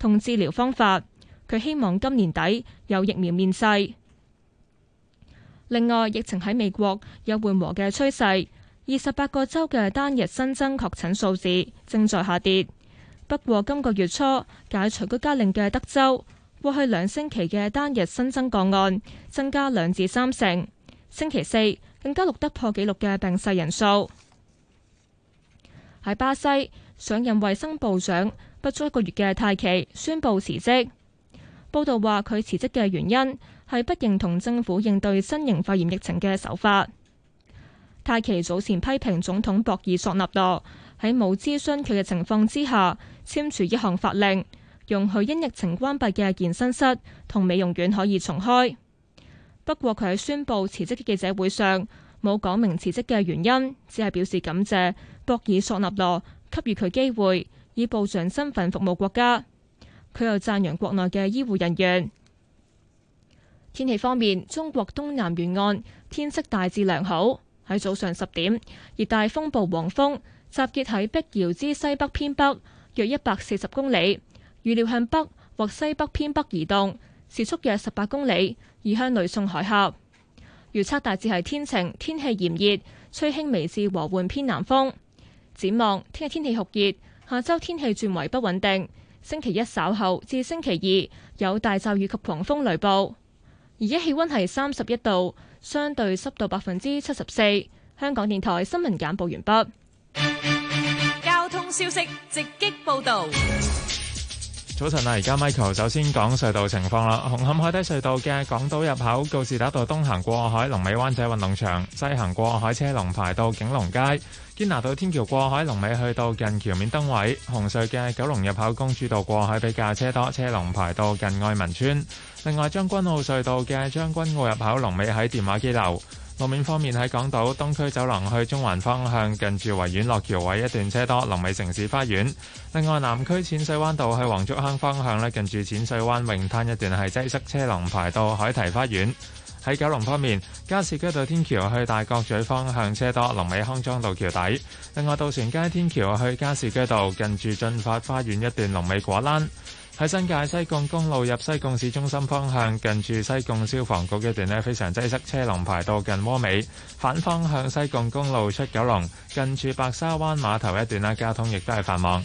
同治療方法，佢希望今年底有疫苗面世。另外，疫情喺美國有緩和嘅趨勢，二十八個州嘅單日新增確診數字正在下跌。不過，今個月初解除居家令嘅德州，過去兩星期嘅單日新增個案增加兩至三成。星期四更加錄得破紀錄嘅病逝人數。喺巴西，上任衛生部長不足一個月嘅泰奇宣布辭職。報道話，佢辭職嘅原因係不認同政府應對新型肺炎疫情嘅手法。泰奇早前批評總統博爾索納羅喺冇諮詢佢嘅情況之下簽署一項法令，容許因疫情關閉嘅健身室同美容院可以重開。不過，佢喺宣布辭職嘅記者會上冇講明辭職嘅原因，只係表示感謝博爾索納羅給予佢機會。以部長身份服務國家，佢又讚揚國內嘅醫護人員。天氣方面，中國東南沿岸天色大致良好。喺早上十點，熱帶風暴黃蜂集結喺碧瑤之西北偏北約一百四十公里，預料向北或西北偏北移動，時速約十八公里，移向呂宋海峽預測大致係天晴，天氣炎熱，吹輕微至和緩偏南風。展望聽日天氣酷熱。下周天氣轉為不穩定，星期一稍後至星期二有大驟雨及狂風雷暴。而家氣温係三十一度，相對濕度百分之七十四。香港電台新聞簡報完畢。交通消息直擊報道。早晨啊，而家 Michael 首先講隧道情況啦。紅磡海底隧道嘅港島入口告士打道東行過海，龍尾灣仔運動場西行過海車龍排到景隆街；堅拿道天橋過海龍尾去到近橋面燈位。紅隧嘅九龍入口公主道過海比較車多，車龍排到近愛民村。另外，將軍澳隧道嘅將軍澳入口龍尾喺電話機樓。路面方面，喺港島東區走廊去中環方向，近住維園落橋位一段車多，龍尾城市花園。另外，南區淺水灣道去黃竹坑方向，近住淺水灣泳灘一段係擠塞，車龍排到海堤花園。喺九龍方面，加士居道天橋去大角咀方向車多，龍尾康莊道橋底。另外，渡船街天橋去加士居道，近住駿發花園一段龍尾果欄。喺新界西貢公路入西貢市中心方向，近住西貢消防局一段呢，非常擠塞，車龍排到近窩尾。反方向西貢公路出九龍，近住白沙灣碼頭一段咧，交通亦都係繁忙。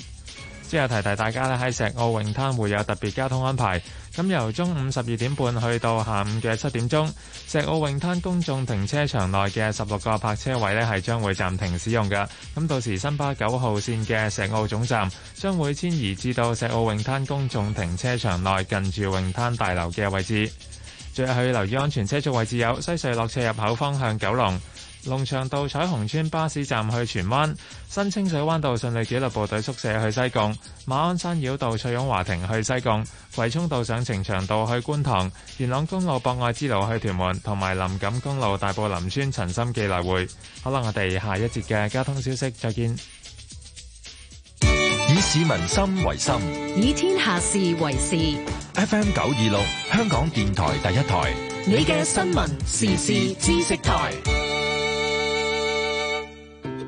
之後提提大家咧，喺石澳泳灘會有特別交通安排。咁由中午十二點半去到下午嘅七點鐘，石澳泳灘公眾停車場內嘅十六個泊車位呢，係將會暫停使用嘅。咁到時新巴九號線嘅石澳總站將會遷移至到石澳泳灘公眾停車場內近住泳灘大樓嘅位置。最後要留意安全車速位置，有西隧落斜入口方向九龍。龍翔道彩虹村巴士站去荃灣，新清水灣道順利紀律部隊宿舍去西貢，馬鞍山繞道翠擁華庭去西貢，葵涌道上呈祥道去觀塘，元朗公路博愛之路去屯門，同埋林錦公路大埔林村陳心記例會。好啦，我哋下一節嘅交通消息，再見。以市民心為心，以天下事為事。FM 九二六，香港電台第一台，你嘅新聞時事知識台。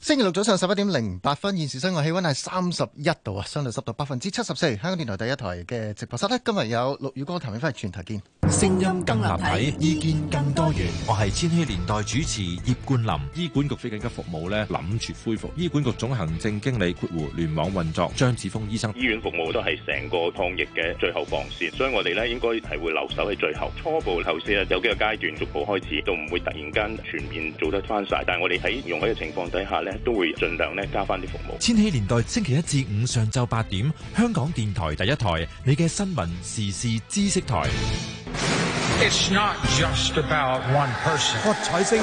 星期六早上十一點零八分，現時室外氣温係三十一度啊，相對濕度百分之七十四。香港電台第一台嘅直播室，得今日有綠雨歌談起翻，全台見。聲音更合體，意見更多元。我係千禧年代主持葉冠霖。醫管局非緊急服務咧，諗住恢復。醫管局總行政經理括弧聯網運作，張志峰醫生。醫院服務都係成個抗疫嘅最後防線，所以我哋咧應該係會留守喺最後。初步頭先咧有幾個階段逐步開始，就唔會突然間全面做得翻晒。但係我哋喺用緊嘅情況底下都會盡量咧加翻啲服務。千禧年代星期一至五上晝八點，香港電台第一台，你嘅新聞時事知識台。It's not just about one person.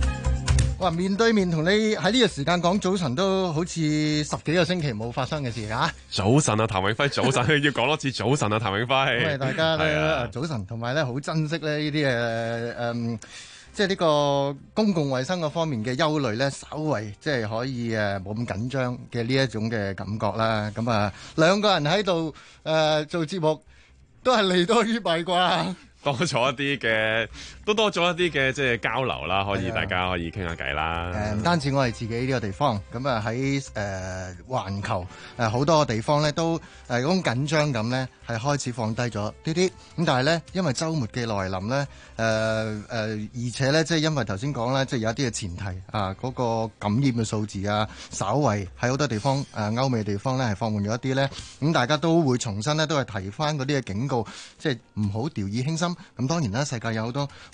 面對面同你喺呢個時間講早晨，都好似十幾個星期冇發生嘅事吓、啊。早晨啊，譚永輝，早晨 要講多次早晨啊，譚永輝。大家、啊、早晨同埋咧好珍惜咧呢啲誒，嗯，即係呢個公共衛生嗰方面嘅憂慮咧，稍微即係可以誒冇咁緊張嘅呢一種嘅感覺啦。咁、嗯、啊，兩個人喺度誒做節目，都係利多於弊啩，多咗一啲嘅。 多咗一啲嘅即係交流啦，可以大家可以傾下偈啦。唔單止我哋自己呢個地方，咁啊喺環球好、呃、多個地方咧都誒嗰種緊張感咧係開始放低咗啲啲。咁但係咧因為周末嘅來臨咧、呃呃，而且咧即係因為頭先講咧，即、就、係、是、有啲嘅前提啊，嗰、那個感染嘅數字啊，稍微喺好多地方歐、呃、歐美地方咧係放緩咗一啲咧。咁、嗯、大家都會重新咧都係提翻嗰啲嘅警告，即係唔好掉以輕心。咁當然啦，世界有好多。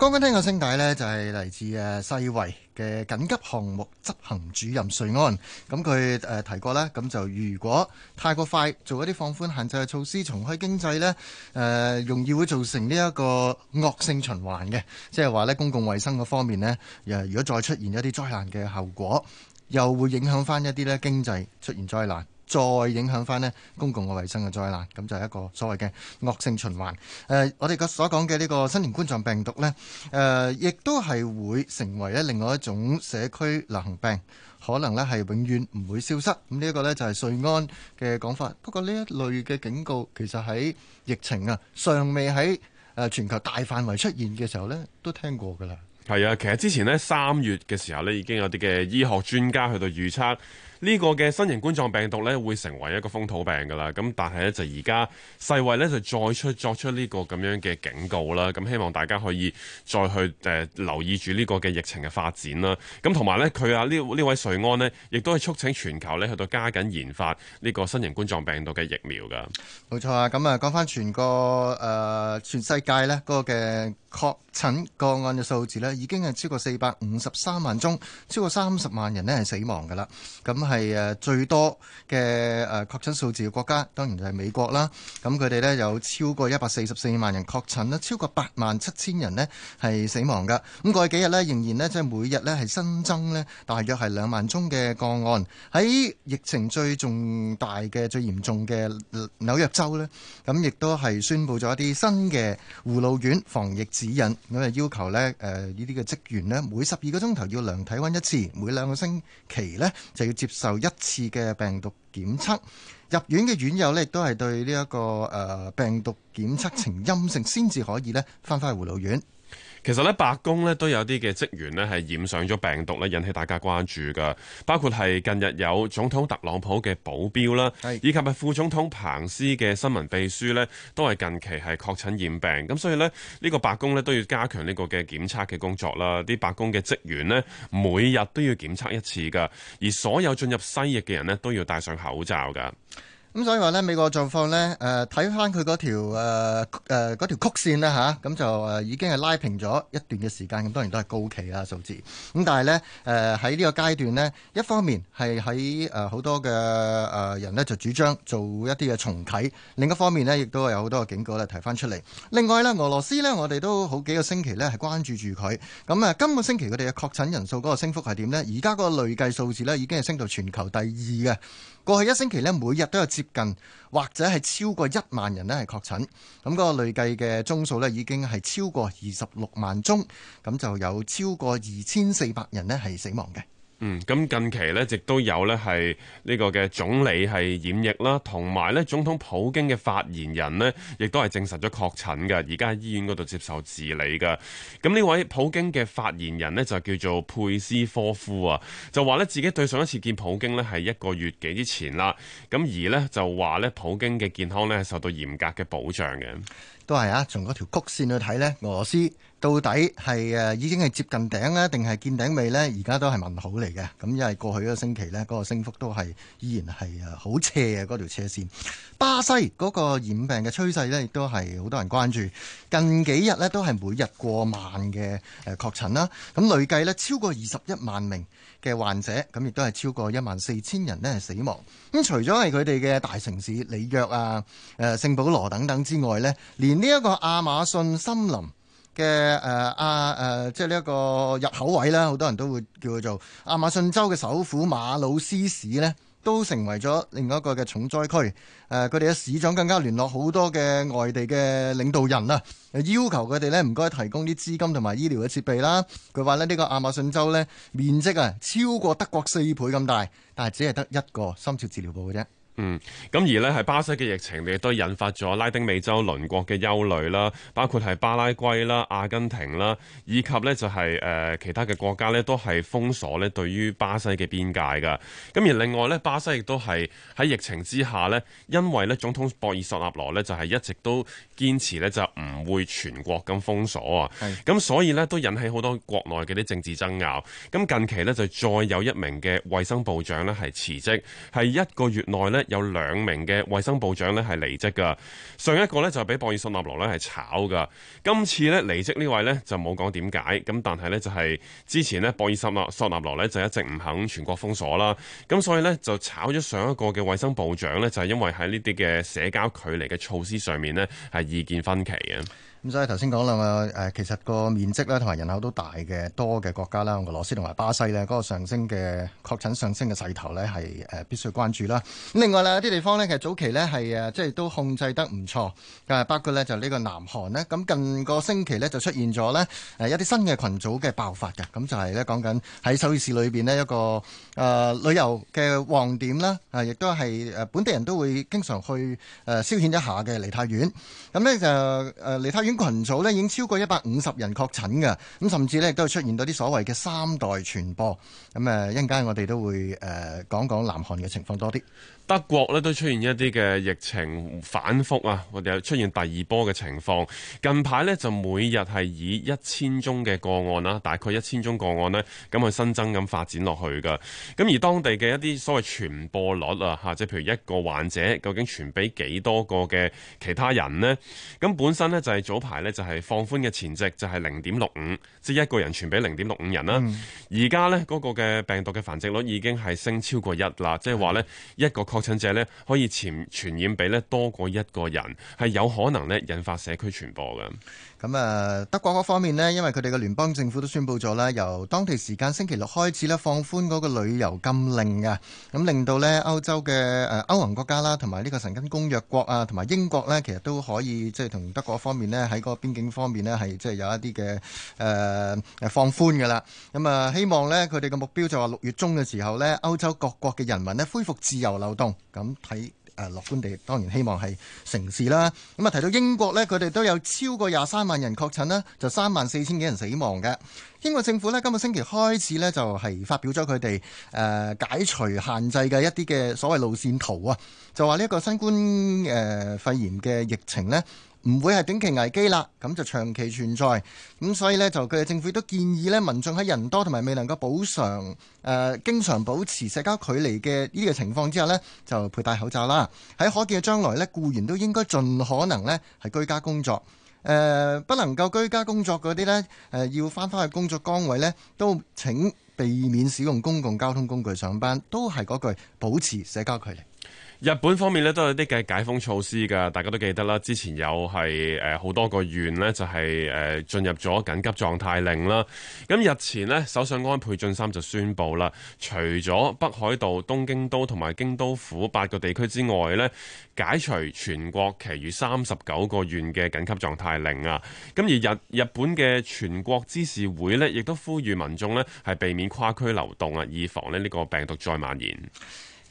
剛剛聽個聲帶呢，就係嚟自誒世衛嘅緊急項目執行主任瑞安，咁佢誒提過呢，咁就如果太過快做一啲放寬限制嘅措施，重開經濟呢，誒容易會造成呢一個惡性循環嘅，即係話呢，公共衛生嗰方面呢，如果再出現一啲災難嘅後果，又會影響翻一啲呢經濟出現災難。再影響翻呢公共嘅衞生嘅災難，咁就係一個所謂嘅惡性循環。誒、呃，我哋嘅所講嘅呢個新型冠狀病毒呢，誒、呃，亦都係會成為咧另外一種社區流行病，可能呢係永遠唔會消失。咁呢一個呢，就係瑞安嘅講法。不過呢一類嘅警告其實喺疫情啊尚未喺誒全球大範圍出現嘅時候呢，都聽過㗎啦。係啊，其實之前呢，三月嘅時候呢，已經有啲嘅醫學專家去到預測。呢個嘅新型冠狀病毒咧，會成為一個風土病噶啦。咁但係呢，就而家世衛呢，就再出作出呢個咁樣嘅警告啦。咁希望大家可以再去誒、呃、留意住呢個嘅疫情嘅發展啦。咁同埋呢，佢啊呢呢位瑞安呢，亦都係促請全球呢，去到加緊研發呢個新型冠狀病毒嘅疫苗噶。冇錯啊！咁啊，講返全個誒、呃、全世界呢嗰、那個嘅確診個案嘅數字呢，已經係超過四百五十三萬宗，超過三十萬人呢係死亡噶啦。咁係誒最多嘅誒確診數字嘅國家，當然就係美國啦。咁佢哋咧有超過一百四十四萬人確診啦，超過八萬七千人咧係死亡噶。咁過去幾日咧仍然咧即係每日咧係新增咧大約係兩萬宗嘅個案。喺疫情最重大嘅最嚴重嘅紐約州咧，咁亦都係宣布咗一啲新嘅護老院防疫指引，咁啊要求咧誒呢啲嘅職員咧每十二個鐘頭要量體溫一次，每兩個星期咧就要接。受一次嘅病毒檢測，入院嘅院友咧，這個，亦都係對呢一個誒病毒檢測呈陰性，先至可以咧翻返去護老院。其實咧，白宮咧都有啲嘅職員呢係染上咗病毒咧，引起大家關注噶。包括係近日有總統特朗普嘅保鏢啦，以及係副總統彭斯嘅新聞秘書呢，都係近期係確診染病。咁所以呢，呢個白宮呢都要加強呢個嘅檢測嘅工作啦。啲白宮嘅職員呢，每日都要檢測一次噶，而所有進入西翼嘅人呢，都要戴上口罩噶。咁、嗯、所以話呢，美國狀況呢，誒睇翻佢嗰條誒誒嗰條曲線呢吓，咁、啊嗯、就誒已經係拉平咗一段嘅時間。咁當然都係高期啦數字。咁但係呢，誒喺呢個階段呢，一方面係喺誒好多嘅誒人呢就主張做一啲嘅重啟，另一方面呢，亦都有好多嘅警告咧提翻出嚟。另外呢，俄羅斯呢，我哋都好幾個星期呢係關注住佢。咁、嗯、啊，今個星期佢哋嘅確診人數嗰個升幅係點呢？而家個累計數字呢已經係升到全球第二嘅。過去一星期咧，每日都有接近或者係超過一萬人咧係確診，咁嗰個累計嘅宗數咧已經係超過二十六萬宗，咁就有超過二千四百人咧係死亡嘅。嗯，咁近期呢，亦都有呢係呢個嘅總理係染疫啦，同埋呢總統普京嘅發言人呢，亦都係證實咗確診嘅，而家喺醫院嗰度接受治理㗎。咁呢位普京嘅發言人呢，就叫做佩斯科夫啊，就話呢自己對上一次見普京呢係一個月幾之前啦。咁而呢，就話呢普京嘅健康呢係受到嚴格嘅保障嘅。都係啊，從嗰條曲線去睇呢，俄羅斯。到底係誒已經係接近頂啊定係見頂未呢？而家都係問號嚟嘅。咁因為過去一個星期呢，嗰個升幅都係依然係誒好斜嘅嗰條斜線。巴西嗰個染病嘅趨勢呢，亦都係好多人關注。近幾日呢，都係每日過萬嘅誒確診啦。咁累計呢，超過二十一萬名嘅患者，咁亦都係超過一萬四千人呢係死亡。咁除咗係佢哋嘅大城市里約啊、誒聖保羅等等之外呢，連呢一個亞馬遜森林。嘅誒阿誒，即係呢一個入口位啦，好多人都會叫佢做亞馬遜州嘅首府馬魯斯市呢，都成為咗另一個嘅重災區。誒、呃，佢哋嘅市長更加聯絡好多嘅外地嘅領導人啊，要求佢哋呢唔該提供啲資金同埋醫療嘅設備啦。佢話咧呢個亞馬遜州呢，面積啊超過德國四倍咁大，但係只係得一個深切治療部嘅啫。嗯，咁而呢，係巴西嘅疫情，亦都引發咗拉丁美洲鄰國嘅憂慮啦，包括係巴拉圭啦、阿根廷啦，以及呢就係、是、誒、呃、其他嘅國家呢，都係封鎖呢對於巴西嘅邊界噶。咁而另外呢，巴西亦都係喺疫情之下呢，因為呢總統博爾索納羅呢，就係一直都堅持呢，就唔會全國咁封鎖啊。咁的、嗯、所以呢，都引起好多國內嘅啲政治爭拗。咁、嗯、近期呢，就再有一名嘅衛生部長呢，係辭職，係一個月內呢。有兩名嘅衛生部長咧係離職㗎，上一個咧就係俾博爾索納羅咧係炒㗎，今次咧離職呢位咧就冇講點解。咁但係咧就係之前咧博爾索納索納羅咧就一直唔肯全國封鎖啦，咁所以咧就炒咗上一個嘅衛生部長咧就係因為喺呢啲嘅社交距離嘅措施上面咧係意見分歧嘅。咁所以頭先講啦，誒其實個面積咧同埋人口都大嘅多嘅國家啦，俄羅斯同埋巴西咧，嗰、那個、上升嘅確診上升嘅勢頭咧係誒必須關注啦。咁另外咧有啲地方咧其實早期咧係誒即係都控制得唔錯，但包括咧就呢個南韓咧，咁近個星期咧就出現咗咧誒一啲新嘅群組嘅爆發嘅，咁就係咧講緊喺首爾市裏邊咧一個誒旅遊嘅旺點啦，啊亦都係誒本地人都會經常去誒消遣一下嘅梨泰院。咁咧就誒梨泰院。群組呢已經超過一百五十人確診㗎，咁甚至呢亦都出現到啲所謂嘅三代傳播。咁啊，一陣間我哋都會誒講講南韓嘅情況多啲。德國咧都出現一啲嘅疫情反覆啊，我哋有出現第二波嘅情況。近排呢，就每日係以一千宗嘅個案啦，大概一千宗個案呢，咁佢新增咁發展落去㗎。咁而當地嘅一啲所謂傳播率啊，嚇，即譬如一個患者究竟傳俾幾多個嘅其他人呢？咁本身呢，就係、是、早排呢，就係、是、放寬嘅前夕，就係零點六五，即係一個人傳俾零點六五人啦、啊。而家、嗯、呢，嗰、那個嘅病毒嘅繁殖率已經係升超過一啦，即係話呢、嗯、一個確確診者咧可以潛傳染俾咧多過一個人，係有可能咧引發社區傳播嘅。咁啊，德國嗰方面呢因為佢哋嘅聯邦政府都宣布咗啦，由當地時間星期六開始咧，放寬嗰個旅遊禁令嘅，咁令到呢歐洲嘅誒歐盟國家啦，同埋呢個申根公約國啊，同埋英國呢，其實都可以即係同德國方面呢，喺個個邊境方面呢，係即係有一啲嘅誒放寬㗎啦。咁啊，希望呢，佢哋嘅目標就話六月中嘅時候呢，歐洲各國嘅人民呢，恢復自由流動，咁睇。誒樂觀地，當然希望係城市啦。咁啊，提到英國呢，佢哋都有超過廿三萬人確診啦，就三萬四千幾人死亡嘅。英國政府呢，今個星期開始呢，就係、是、發表咗佢哋誒解除限制嘅一啲嘅所謂路線圖啊，就話呢個新冠誒、呃、肺炎嘅疫情呢，唔會係短期危機啦，咁就長期存在。咁所以呢，就佢哋政府都建議呢，民眾喺人多同埋未能夠補償誒、呃、經常保持社交距離嘅呢個情況之下呢，就佩戴口罩啦。喺可見嘅將來呢，僱員都應該盡可能呢係居家工作。誒、呃、不能夠居家工作嗰啲呢，呃、要翻返去工作崗位呢，都請避免使用公共交通工具上班，都係嗰句保持社交距離。日本方面呢都有啲嘅解封措施噶，大家都記得啦。之前有係誒好多個縣呢就係誒進入咗緊急狀態令啦。咁日前呢首相安倍晉三就宣布啦，除咗北海道、東京都同埋京都府八個地區之外呢，解除全國其餘三十九個縣嘅緊急狀態令啊。咁而日日本嘅全國知事會呢，亦都呼籲民眾呢係避免跨區流動啊，以防呢個病毒再蔓延。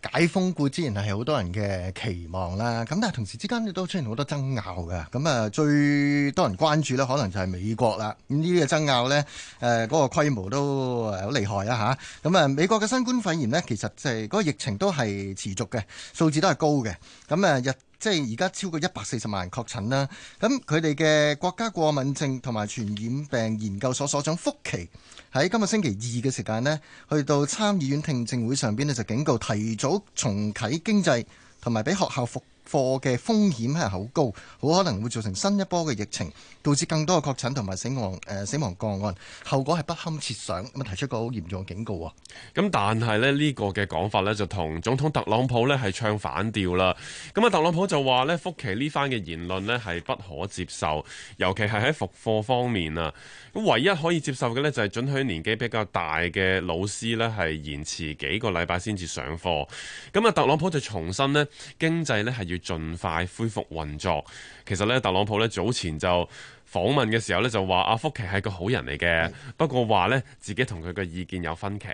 解封固之然係好多人嘅期望啦，咁但係同時之間亦都出現好多爭拗㗎，咁啊最多人關注呢可能就係美國啦，咁呢個爭拗呢，誒嗰個規模都誒好厲害啊吓，咁啊美國嘅新冠肺炎呢，其實即係嗰個疫情都係持續嘅，數字都係高嘅，咁啊日。即係而家超過一百四十萬人確診啦，咁佢哋嘅國家過敏症同埋傳染病研究所所長福奇喺今日星期二嘅時間呢，去到參議院聽證會上邊呢，就警告提早重啟經濟同埋俾學校復。課嘅風險係好高，好可能會造成新一波嘅疫情，導致更多嘅確診同埋死亡誒、呃、死亡個案，後果係不堪設想。咁啊，提出個好嚴重嘅警告啊！咁但係咧呢、呢個嘅講法呢，就同總統特朗普呢係唱反調啦。咁啊，特朗普就話呢，福奇呢番嘅言論呢係不可接受，尤其係喺復課方面啊。咁唯一可以接受嘅呢，就係、是、准許年紀比較大嘅老師呢係延遲幾個禮拜先至上課。咁啊，特朗普就重新呢經濟呢係要。盡快恢復運作。其實咧，特朗普咧早前就訪問嘅時候咧，就話阿福奇係個好人嚟嘅，的不過話咧自己同佢嘅意見有分歧。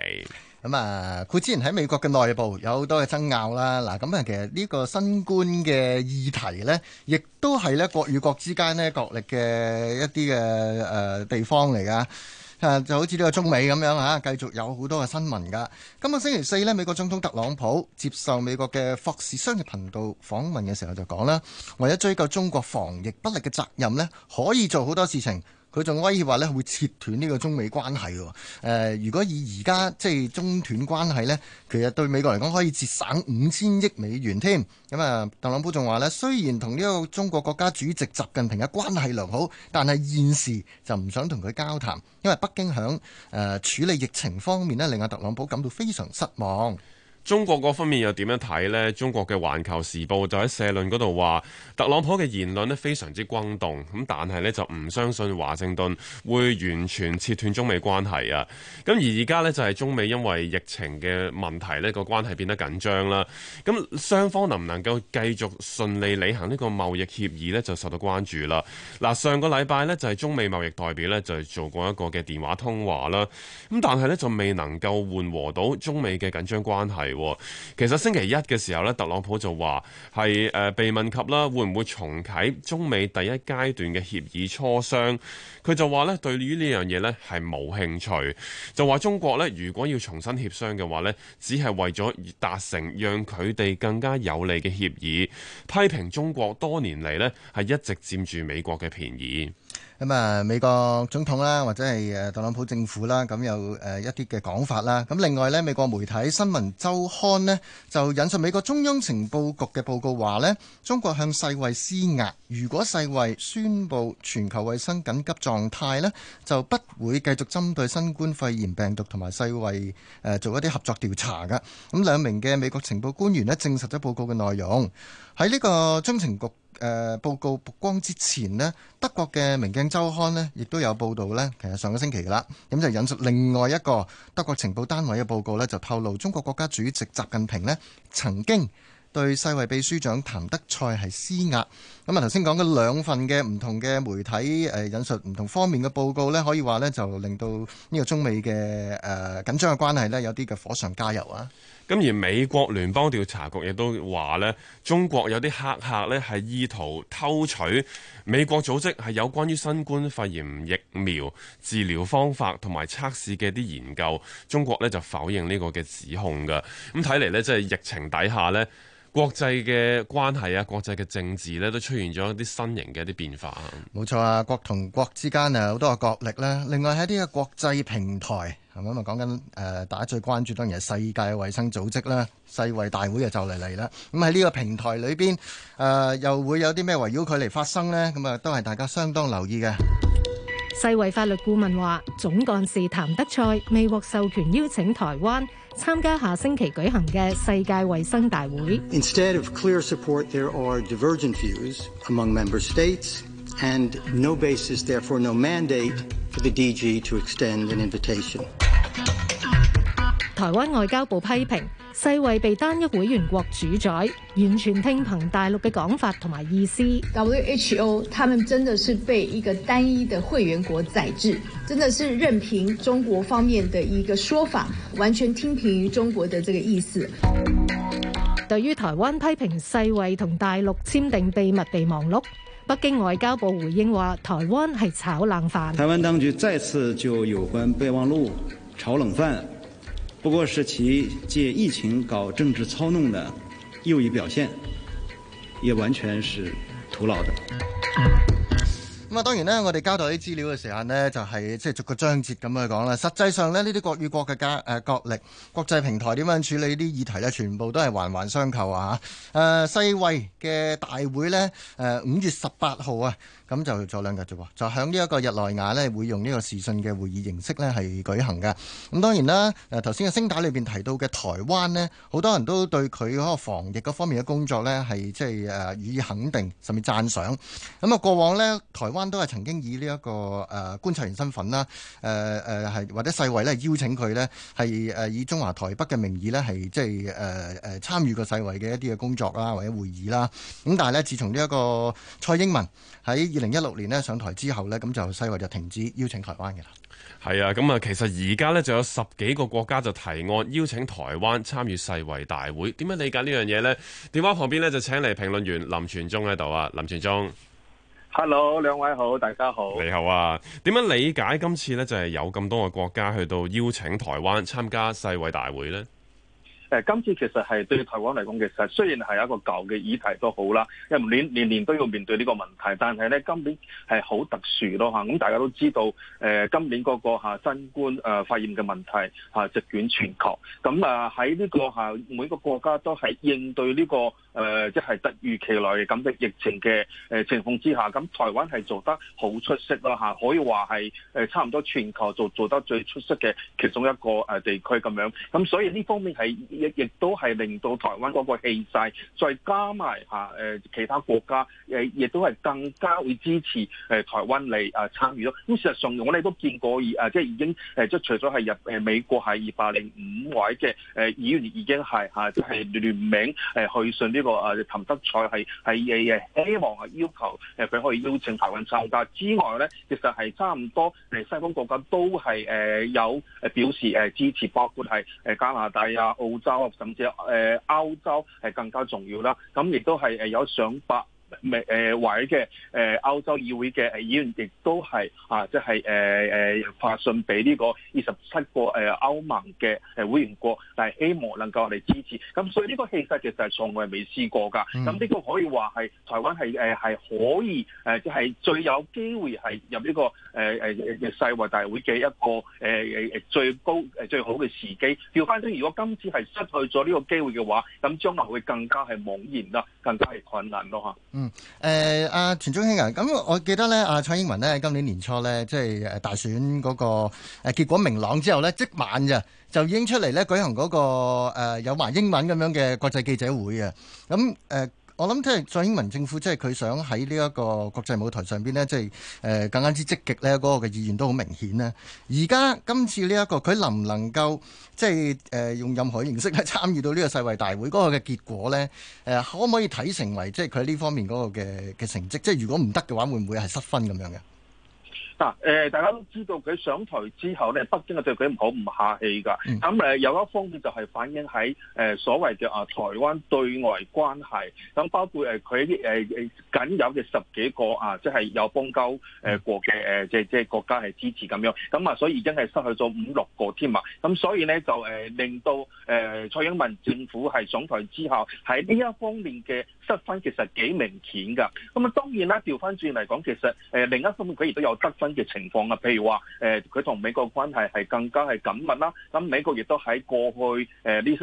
咁、嗯、啊，佢之前喺美國嘅內部有好多嘅爭拗啦。嗱，咁啊，其實呢個新冠嘅議題咧，亦都係咧國與國之間咧角力嘅一啲嘅誒地方嚟㗎。啊，就好似呢個中美咁樣吓，繼續有好多嘅新聞噶。今日星期四呢，美國總統特朗普接受美國嘅霍士商業頻道訪問嘅時候就講啦，為咗追究中國防疫不力嘅責任呢，可以做好多事情。佢仲威脅話呢，會切斷呢個中美關係喎、呃。如果以而家即係中斷關係呢，其實對美國嚟講可以節省五千億美元添。咁、嗯、啊，特朗普仲話呢，雖然同呢個中國國家主席習近平嘅關係良好，但係現時就唔想同佢交談，因為北京響、呃、處理疫情方面呢，令阿特朗普感到非常失望。中國嗰方面又點樣睇呢？中國嘅《環球時報》就喺社論嗰度話，特朗普嘅言論咧非常之轟動，咁但係咧就唔相信華盛頓會完全切斷中美關係啊！咁而而家咧就係中美因為疫情嘅問題，呢個關係變得緊張啦。咁雙方能唔能夠繼續順利履行呢個貿易協議呢？就受到關注啦。嗱，上個禮拜呢，就係中美貿易代表呢，就做過一個嘅電話通話啦，咁但係呢，就未能夠緩和到中美嘅緊張關係。其實星期一嘅時候咧，特朗普就話係誒被問及啦，會唔會重啟中美第一階段嘅協議磋商？佢就話咧，對於呢樣嘢咧係冇興趣，就話中國咧如果要重新協商嘅話咧，只係為咗達成讓佢哋更加有利嘅協議，批評中國多年嚟咧係一直佔住美國嘅便宜。咁啊，美國總統啦，或者係誒特朗普政府啦，咁有誒一啲嘅講法啦。咁另外呢，美國媒體新聞週刊呢，就引述美國中央情報局嘅報告話呢，中國向世衛施壓，如果世衛宣布全球衛生緊急狀態呢，就不會繼續針對新冠肺炎病毒同埋世衛誒做一啲合作調查㗎。咁兩名嘅美國情報官員呢，證實咗報告嘅內容喺呢個中情局。誒、呃、報告曝光之前呢，德國嘅《明鏡周刊》呢，亦都有報道呢，其實上個星期啦，咁就引述另外一個德國情報單位嘅報告呢，就透露中國國家主席習近平呢，曾經對世衛秘書長譚德塞係施壓。咁啊，頭先講嘅兩份嘅唔同嘅媒體、呃、引述唔同方面嘅報告呢，可以話呢，就令到呢個中美嘅誒、呃、緊張嘅關係呢有啲嘅火上加油啊！咁而美國聯邦調查局亦都話呢，中國有啲黑客呢係意圖偷取美國組織係有關於新冠肺炎疫苗治療方法同埋測試嘅啲研究，中國呢就否認呢個嘅指控㗎。咁睇嚟呢，即係疫情底下呢。國際嘅關係啊，國際嘅政治咧，都出現咗一啲新型嘅一啲變化。冇錯啊，國同國之間啊，好多個角力啦。另外喺呢個國際平台，咁啊講緊誒，大家最關注當然係世界衞生組織啦，世衛大會啊就嚟嚟啦。咁喺呢個平台裏邊，誒、呃、又會有啲咩圍繞佢嚟發生呢？咁、嗯、啊，都係大家相當留意嘅。世衛法律顧問話，總幹事譚德塞未獲授權邀請台灣，參加下星期舉行嘅世界衞生大會。Instead of clear support, there are divergent views among member states, and no basis, therefore no mandate for the DG to extend an invitation. 台灣外交部批評世衛被單一會員國主宰，完全聽憑大陸嘅講法同埋意思。WHO，他們真的是被一個單一的會員國宰制，真的是任憑中國方面的一個說法，完全聽憑於中國的這個意思。對於台灣批評世衛同大陸簽訂秘密備忘錄，北京外交部回應話：台灣係炒冷飯。台灣當局再次就有關備忘錄炒冷飯。不過是其借疫情搞政治操弄的又一表現，也完全是徒勞的。咁啊，當然呢，我哋交代啲資料嘅時間呢，就係即係逐個章節咁去講啦。實際上呢，呢啲國與國嘅家誒角力、國際平台點樣處理啲議題呢，全部都係環環相扣啊！誒，世衛嘅大會呢，誒，五月十八號啊。咁就再兩日啫喎，就喺呢一個日內瓦呢，會用呢個視訊嘅會議形式呢，係舉行嘅。咁當然啦，誒頭先嘅聲帶裏面提到嘅台灣呢，好多人都對佢嗰個防疫嗰方面嘅工作呢，係即係予以肯定甚至讚賞。咁啊過往呢，台灣都係曾經以呢一個誒觀察員身份啦，誒、呃、或者世衛咧邀請佢呢，係以中華台北嘅名義呢，係即係誒誒參與過世衛嘅一啲嘅工作啦或者會議啦。咁但係呢，自從呢一個蔡英文喺二零一六年咧上台之後咧，咁就世衛就停止邀請台灣嘅啦。係啊，咁啊，其實而家咧就有十幾個國家就提案邀請台灣參與世衛大會。點樣理解呢樣嘢呢？電話旁邊咧就請嚟評論員林全忠喺度啊，林全忠。Hello，兩位好，大家好。你好啊。點樣理解今次咧就係有咁多個國家去到邀請台灣參加世衛大會呢？今次其實係對台灣嚟講，其實雖然係一個舊嘅議題都好啦，因為年年年都要面對呢個問題，但係咧今年係好特殊咯嚇。咁大家都知道，誒、呃、今年嗰、那個嚇新冠誒肺炎嘅問題嚇席捲全球，咁啊喺呢個嚇每個國家都係應對呢、這個。誒即係突如其來嘅咁嘅疫情嘅誒情況之下，咁台灣係做得好出色啦嚇，可以話係誒差唔多全球做做得最出色嘅其中一個誒地區咁樣。咁所以呢方面係亦亦都係令到台灣嗰個氣勢，再加埋嚇誒其他國家誒，亦都係更加會支持誒台灣嚟啊參與咯。咁事實上我哋都見過，而即係已經誒即係除咗係入誒美國係二百零五位嘅誒議員已經係嚇即係聯名誒去信呢個個誒譚德塞係係誒希望啊要求誒佢可以邀請台灣參加之外咧，其實係差唔多誒西方國家都係誒有誒表示誒支持，包括係誒加拿大啊、澳洲甚至誒歐洲係更加重要啦。咁亦都係誒有上百未誒位嘅誒歐洲議會嘅議員，亦都係啊，即、就、係、是啊啊、發信俾呢個二十七個歐盟嘅會員國，但係希望能夠我哋支持。咁所以呢個氣勢其實係從來未試過㗎。咁呢個可以話係台灣係可以即係、啊就是、最有機會係入呢、這個世衛、啊啊、大會嘅一個、啊、最高最好嘅時機。翻如果今次係失去咗呢個機會嘅話，咁將來會更加係茫然啦，更加係困難咯吓。嗯，誒阿全中興啊，咁、啊、我記得咧，阿、啊、蔡英文呢，今年年初咧，即係誒大選嗰個誒結果明朗之後呢，即晚啊就已經出嚟呢舉行嗰、那個、呃、有埋英文咁樣嘅國際記者會啊。咁誒。呃我諗即係蔡英文政府，即係佢想喺呢一個國際舞台上邊呢，即係誒、呃、更加之積極呢嗰個嘅意願都好明顯呢。而家今次呢、這、一個，佢能唔能夠即係誒、呃、用任何形式去參與到呢個世衛大會嗰個嘅結果呢？誒、呃，可唔可以睇成為即係佢呢方面嗰個嘅嘅成績？即係如果唔得嘅話，會唔會係失分咁樣嘅？嗱、啊呃，大家都知道佢上台之後咧，北京係對佢唔好，唔客氣㗎。咁有一方面就係反映喺誒、呃、所謂嘅啊、呃、台灣對外關係，咁包括誒佢誒誒僅有嘅十幾個啊，就是過呃、即係有邦交誒國嘅誒即即係國家係支持咁樣。咁啊，所以已經係失去咗五六個添啊。咁所以咧就、呃、令到誒、呃、蔡英文政府係上台之後喺呢一方面嘅。得分其實幾明顯㗎，咁啊當然啦，調返轉嚟講，其實誒、呃、另一方面佢亦都有得分嘅情況啊，譬如話誒佢同美國關係係更加係緊密啦，咁美國亦都喺過去誒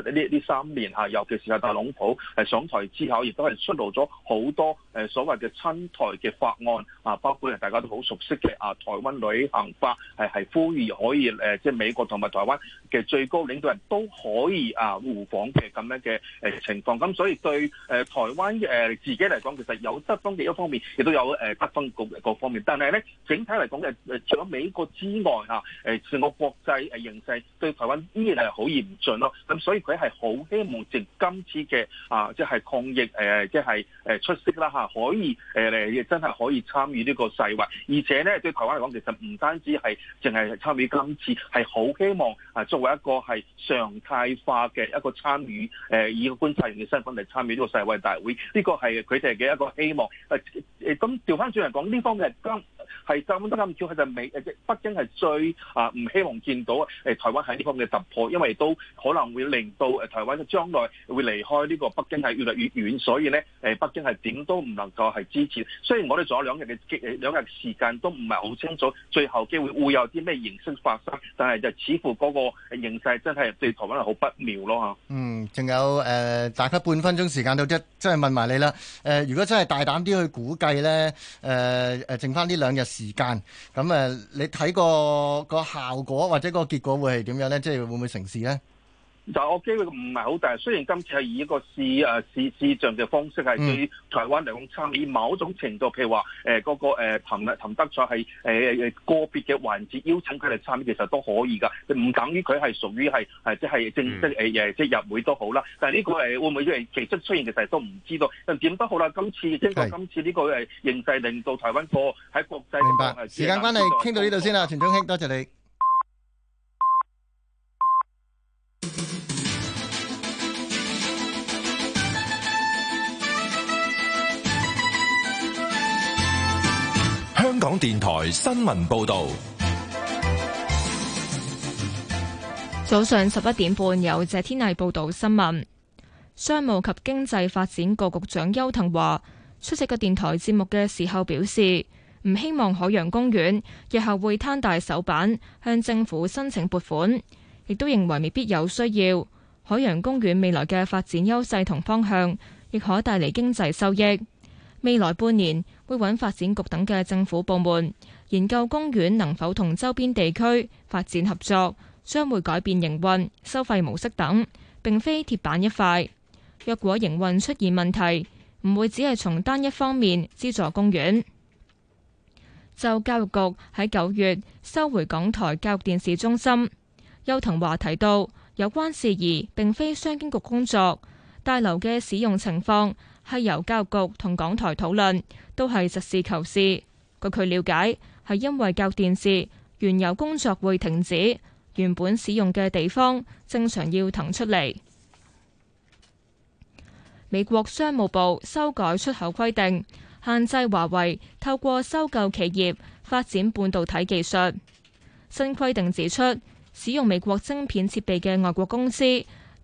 呢呢呢三年嚇、啊，尤其是係特朗普係上台之後，亦都係出爐咗好多誒、啊、所謂嘅親台嘅法案啊，包括大家都好熟悉嘅啊台灣旅行法，係係呼籲可以誒即係美國同埋台灣嘅最高領導人都可以啊互訪嘅咁樣嘅誒情況，咁所以對誒、啊、台灣。咁自己嚟講，其實有得分嘅一方面，亦都有誒得分各各方面。但係咧，整體嚟講嘅誒，除咗美國之外嚇，誒成個國際誒形勢對台灣依然係好嚴峻咯。咁所以佢係好希望藉今次嘅啊，即係抗疫誒，即係誒出色啦嚇，可以誒嚟真係可以參與呢個世衞，而且咧對台灣嚟講，其實唔單止係淨係參與今次，係好希望啊作為一個係常態化嘅一個參與誒，以觀察員嘅身份嚟參與呢個世衞大會。呢個係佢哋嘅一個希望。誒、啊、誒，咁調翻轉嚟講，呢、啊、方面係金係香港金條，其實未誒，北京係最啊唔希望見到誒、啊、台灣喺呢方面嘅突破，因為都可能會令到誒台灣嘅將來會離開呢個北京係越嚟越遠，所以咧誒、啊，北京係點都唔能夠係支持。雖然我哋仲有兩日嘅機，兩日時間都唔係好清楚，最後機會會有啲咩形式發生，但係就似乎嗰個形勢真係對台灣係好不妙咯嚇。嗯，仲有誒、呃，大家半分鐘時間到啫，即係問。埋你啦，誒，如果真係大膽啲去估計咧，誒、呃、誒，剩返呢兩日時間，咁誒、呃，你睇個個效果或者個結果會係點樣咧？即係會唔會成事咧？就我機會唔係好大，雖然今次係以一個視誒視視像嘅方式，係對台灣嚟講參與某種程度，嗯、譬如話嗰、呃，那個彭譚譚德塞係誒個個別嘅環節邀請佢嚟參與，其實都可以㗎，唔等於佢係屬於係即係正即誒、嗯、即入會都好啦。但呢個誒會唔會誒其實出現其實都唔知道。但點都好啦，今次經過今次呢個誒形勢，令到台灣過喺國際嚟講係，時間關係，傾到呢度先啦，陳中興多謝你。香港電台新聞報道，早上十一點半有謝天麗報道新聞。商務及經濟發展局局長邱騰華出席個電台節目嘅時候表示，唔希望海洋公園日後會攤大手板，向政府申請撥款，亦都認為未必有需要。海洋公園未來嘅發展優勢同方向，亦可帶嚟經濟收益。未來半年會揾發展局等嘅政府部門研究公園能否同周邊地區發展合作，將會改變營運、收費模式等，並非鐵板一塊。若果營運出現問題，唔會只係從單一方面資助公園。就教育局喺九月收回港台教育電視中心，邱騰華提到有關事宜並非商經局工作，大樓嘅使用情況，係由教育局同港台討論，都係實事求是。據佢了解，係因為教育電視原有工作會停止，原本使用嘅地方正常要騰出嚟。美國商務部修改出口規定，限制華為透過收購企業發展半導體技術。新規定指出，使用美國晶片設備嘅外國公司。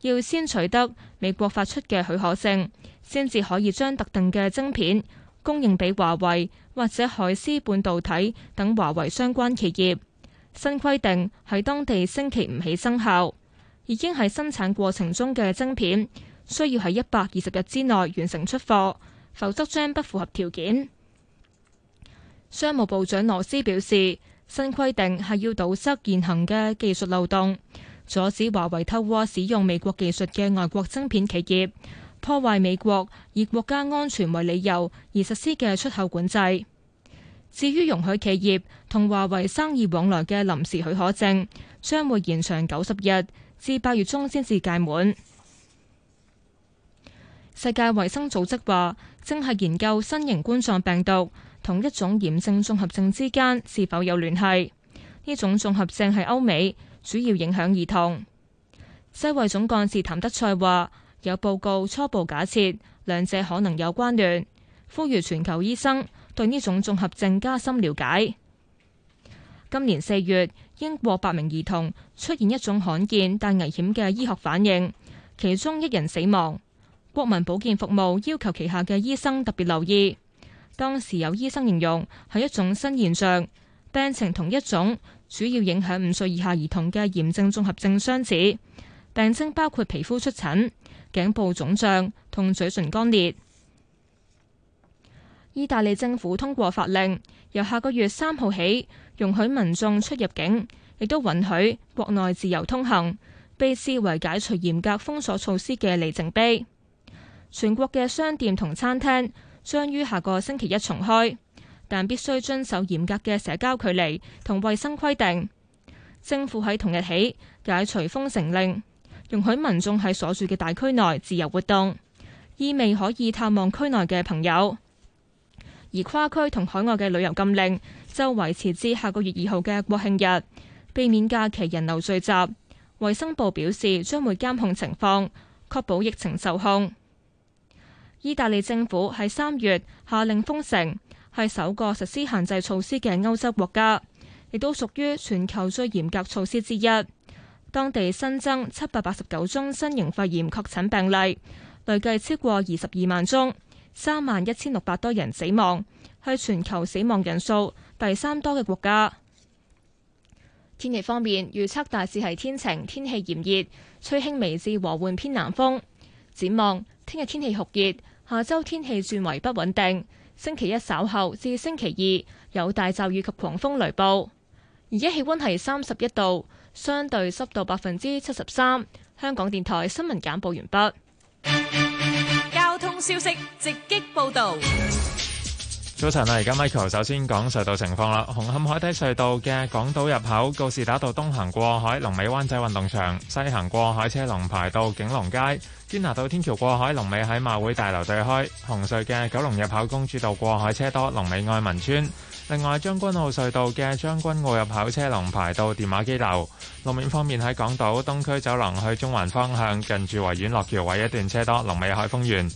要先取得美國發出嘅許可證，先至可以將特定嘅晶片供應俾華為或者海思半導體等華為相關企業。新規定喺當地星期五起生效，已經係生產過程中嘅晶片需要喺一百二十日之內完成出貨，否則將不符合條件。商務部長羅斯表示，新規定係要堵塞現行嘅技術漏洞。阻止華為透過使用美國技術嘅外國晶片企業，破壞美國以國家安全為理由而實施嘅出口管制。至於容許企業同華為生意往來嘅臨時許可證，將會延長九十日，至八月中先至屆滿。世界衛生組織話正係研究新型冠狀病毒同一種炎症綜合症之間是否有聯繫。呢種綜合症係歐美，主要影響兒童。世衛總幹事譚德賽話：有報告初步假設兩者可能有關聯，呼籲全球醫生對呢種綜合症加深了解。今年四月，英國八名兒童出現一種罕見但危險嘅醫學反應，其中一人死亡。國民保健服務要求旗下嘅醫生特別留意。當時有醫生形容係一種新現象，病情同一種。主要影響五歲以下兒童嘅炎症綜合症相似，病徵包括皮膚出疹、頸部腫脹同嘴唇乾裂。意大利政府通過法令，由下個月三號起容許民眾出入境，亦都允許國內自由通行，被視為解除嚴格封鎖措施嘅里程碑。全國嘅商店同餐廳將於下個星期一重開。但必須遵守嚴格嘅社交距離同衛生規定。政府喺同日起解除封城令，容許民眾喺所住嘅大區內自由活動，意味可以探望區內嘅朋友。而跨區同海外嘅旅遊禁令就維持至下個月二號嘅國慶日，避免假期人流聚集。衛生部表示將會監控情況，確保疫情受控。意大利政府喺三月下令封城。係首個實施限制措施嘅歐洲國家，亦都屬於全球最嚴格措施之一。當地新增七百八十九宗新型肺炎確診病例，累計超過二十二萬宗，三萬一千六百多人死亡，係全球死亡人數第三多嘅國家。天氣方面，預測大致係天晴，天氣炎熱，吹輕微至和緩偏南風。展望聽日，天氣酷熱，下周天氣轉為不穩定。星期一稍後至星期二有大驟雨及狂風雷暴，而家氣温係三十一度，相對濕度百分之七十三。香港電台新聞簡報完畢。交通消息直擊報導。早晨啊！而家 Michael 首先講隧道情況啦。紅磡海底隧道嘅港島入口告士打道東行過海，龍尾灣仔運動場；西行過海車龍排到景隆街。堅拿道天橋過海，龍尾喺馬會大樓對開。紅隧嘅九龍入口公主道過海車多，龍尾愛民村。另外，將軍澳隧道嘅將軍澳入口車龍排到電話機樓。路面方面喺港島東區走廊去中環方向，近住維園落橋位一段車多，龍尾海峰園。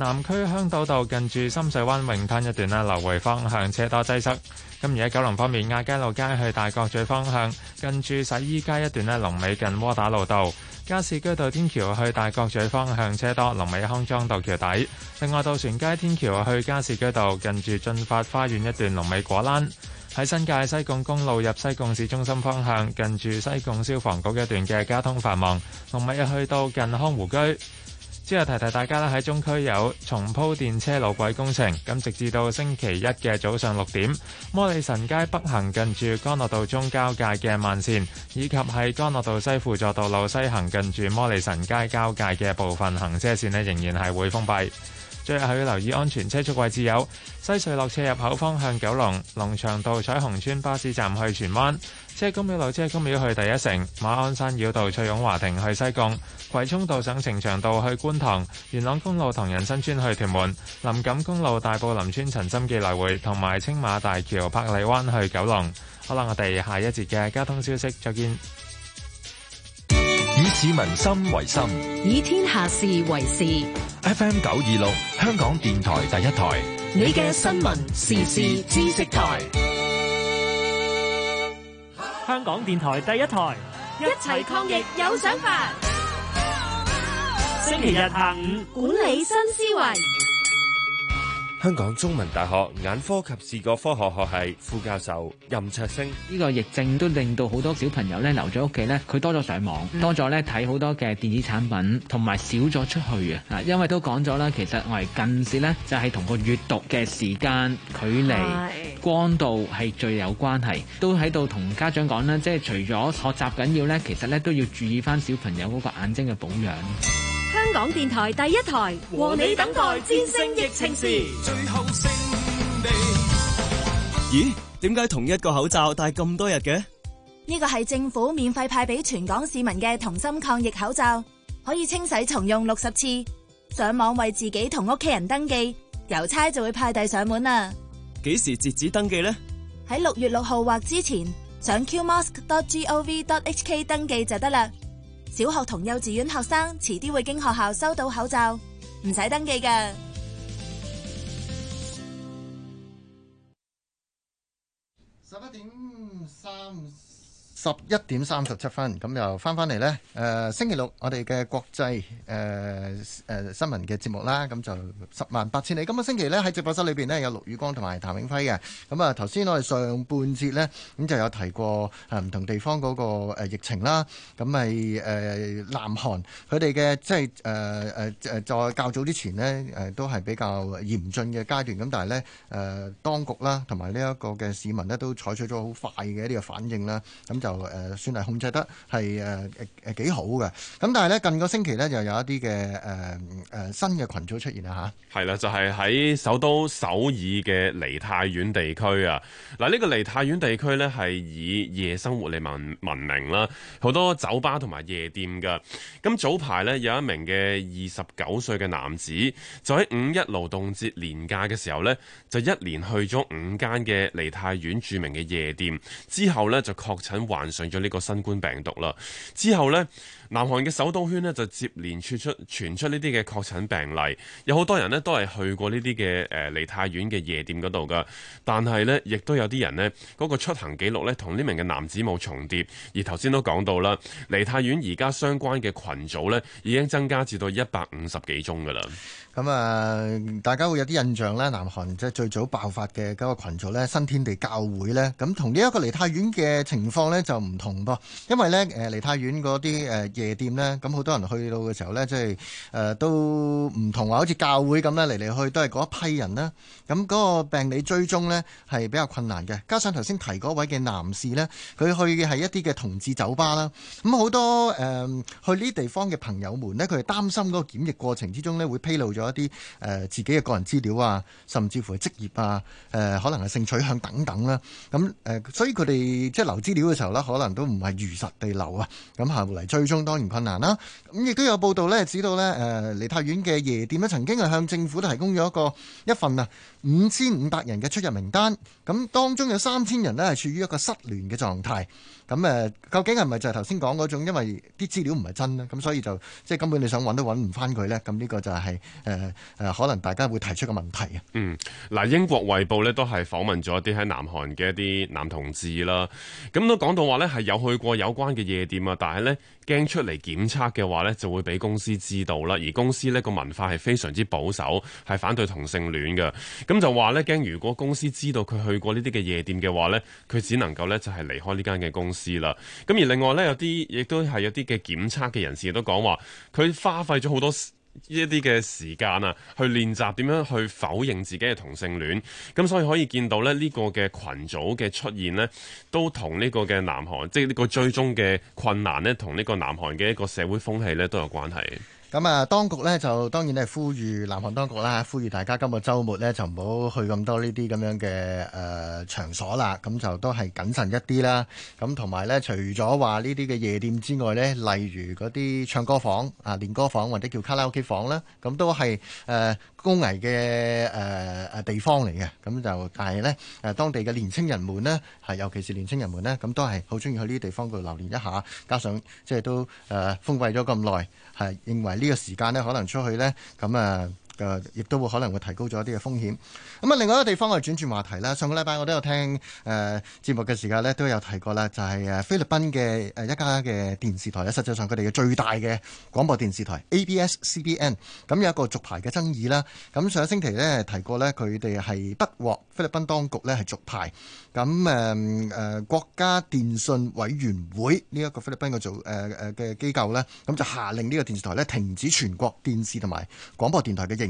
南區香島道近住深水灣泳灘一段咧，來回方向車多擠塞。而喺九龍方面，亞皆老街去大角咀方向，近住洗衣街一段咧，龍尾近窩打老道。加士居道天橋去大角咀方向車多，龍尾康莊道橋底。另外，渡船街天橋去加士居道，近住進發花園一段，龍尾果欄。喺新界西貢公路入西貢市中心方向，近住西貢消防局一段嘅交通繁忙，龍尾去到近康湖居。之後提提大家啦，喺中區有重鋪電車路軌工程，咁直至到星期一嘅早上六點，摩利臣街北行近住干諾道中交界嘅慢線，以及喺干諾道西輔助道路西行近住摩利臣街交界嘅部分行車線呢，仍然係會封閉。最日要留意安全車速位置，有西隧落車入口方向、九龍龍場道彩虹村巴士站去荃灣車公廟路車公廟去第一城、馬鞍山繞道翠涌華庭去西貢、葵涌道省城長道去觀塘、元朗公路同仁新村去屯門、林錦公路大埔林村陳深記來回，同埋青馬大橋柏麗灣去九龍。好啦，我哋下一節嘅交通消息再見。以市民心為心，以天下事為事。FM 九二六，香港電台第一台，你嘅新聞時事知識台。香港電台第一台，一齊抗疫有想法。星期日下午，管理新思維。香港中文大學眼科及視覺科學學系副教授任卓星：呢個疫症都令到好多小朋友咧留咗屋企咧，佢多咗上網，嗯、多咗咧睇好多嘅電子產品，同埋少咗出去啊！因為都講咗啦，其實我哋近視咧，就係同個閱讀嘅時間、距離、是的光度係最有關係。都喺度同家長講啦，即係除咗學習緊要咧，其實咧都要注意翻小朋友嗰個眼睛嘅保養。香港電台第一台和你等待戰勝疫情時最後勝利。咦？點解同一個口罩戴咁多日嘅？呢個係政府免費派俾全港市民嘅同心抗疫口罩，可以清洗重用六十次。上網為自己同屋企人登記，郵差就會派遞上門啦。幾時截止登記呢？喺六月六號或之前，上 qmask.gov.hk 登記就得啦。小學同幼稚園學生遲啲會經學校收到口罩，唔使登記㗎。十一點三。十一點三十七分，咁又翻翻嚟咧。星期六我哋嘅國際誒、呃呃、新聞嘅節目啦，咁、嗯、就十萬八千里。今個星期咧喺直播室裏邊咧有陸宇光同埋譚永輝嘅。咁、嗯、啊，頭先我哋上半節咧咁、嗯、就有提過唔、呃、同地方嗰個疫情啦。咁係誒南韓佢哋嘅即係誒誒誒再較早之前咧誒、呃、都係比較嚴峻嘅階段。咁但係咧誒當局啦同埋呢一個嘅市民咧都採取咗好快嘅一啲嘅反應啦。咁、嗯、就。就算係控制得係誒誒幾好嘅，咁但係咧近個星期咧又有一啲嘅誒誒新嘅群組出現啦吓、啊，係啦就係、是、喺首都首爾嘅梨泰院地區啊，嗱、啊、呢、這個梨泰院地區咧係以夜生活嚟聞聞名啦，好多酒吧同埋夜店噶。咁早排咧有一名嘅二十九歲嘅男子，就喺五一勞動節連假嘅時候咧，就一連去咗五間嘅梨泰院著名嘅夜店，之後咧就確診患。患上咗呢個新冠病毒啦，之後咧。南韓嘅首都圈呢，就接連出出傳出呢啲嘅確診病例，有好多人呢，都係去過呢啲嘅誒梨泰院嘅夜店嗰度噶，但係呢，亦都有啲人呢，嗰個出行記錄呢，同呢名嘅男子冇重疊。而頭先都講到啦，梨泰院而家相關嘅群組呢，已經增加至到一百五十幾宗噶啦。咁啊、呃，大家會有啲印象呢，南韓即係最早爆發嘅嗰個群組呢，新天地教會呢。咁同呢一個梨泰院嘅情況呢，就唔同噃，因為呢，誒梨泰院嗰啲誒。呃夜店呢，咁好多人去到嘅時候呢，即係誒都唔同話好似教會咁咧，嚟嚟去都係嗰一批人啦。咁嗰個病理追蹤呢，係比較困難嘅，加上頭先提嗰位嘅男士呢，佢去嘅係一啲嘅同志酒吧啦。咁好多誒、呃、去呢啲地方嘅朋友們呢，佢哋擔心嗰個檢疫過程之中呢，會披露咗一啲誒、呃、自己嘅個人資料啊，甚至乎係職業啊，誒、呃、可能係性取向等等啦。咁誒、呃、所以佢哋即係留資料嘅時候呢，可能都唔係如實地留啊。咁下回嚟追蹤。當然困難啦，咁亦都有報道咧，指到咧，誒、呃，梨泰院嘅夜店咧，曾經係向政府提供咗一個一份啊，五千五百人嘅出入名單，咁當中有三千人咧係處於一個失聯嘅狀態。咁誒，究竟係咪就係頭先講嗰種，因為啲資料唔係真呢，咁所以就即係根本你想揾都揾唔翻佢呢。咁呢個就係誒誒，可能大家會提出嘅問題啊。嗯，嗱，英國衛報呢都係訪問咗一啲喺南韓嘅一啲男同志啦，咁都講到話呢係有去過有關嘅夜店啊，但係呢驚出嚟檢測嘅話呢就會俾公司知道啦。而公司呢個文化係非常之保守，係反對同性戀嘅，咁就話呢驚如果公司知道佢去過呢啲嘅夜店嘅話呢，佢只能夠呢就係離開呢間嘅公司。是啦，咁而另外咧，有啲亦都係有啲嘅檢測嘅人士亦都講話，佢花費咗好多一啲嘅時間啊，去練習點樣去否認自己嘅同性戀，咁所以可以見到咧，呢個嘅群組嘅出現呢，都同呢個嘅南韓，即係呢個追蹤嘅困難呢，同呢個南韓嘅一個社會風氣呢，都有關係。咁啊，當局呢，就當然係呼籲南韓當局啦，呼籲大家今個週末呢，就唔好去咁多呢啲咁樣嘅誒、呃、場所啦，咁就都係謹慎一啲啦。咁同埋呢，除咗話呢啲嘅夜店之外呢，例如嗰啲唱歌房、啊練歌房或者叫卡拉 OK 房啦，咁都係誒。呃高危嘅誒誒地方嚟嘅，咁就但係呢。誒當地嘅年青人們呢，係尤其是年青人們呢，咁都係好鍾意去呢啲地方度留連一下，加上即係都誒封閉咗咁耐，係、呃、認為呢個時間呢，可能出去呢。咁啊。呃亦都會可能會提高咗一啲嘅風險。咁啊，另外一個地方我哋轉轉話題啦。上個禮拜我都有聽誒節目嘅時間呢，都有提過啦，就係誒菲律賓嘅誒一家嘅電視台呢，實際上佢哋嘅最大嘅廣播電視台 ABS-CBN，咁有一個續牌嘅爭議啦。咁上個星期呢，提過呢，佢哋係不獲菲律賓當局呢係續牌。咁誒誒國家電信委員會呢一個菲律賓嘅做誒誒嘅機構呢，咁就下令呢個電視台呢停止全國電視同埋廣播電台嘅營。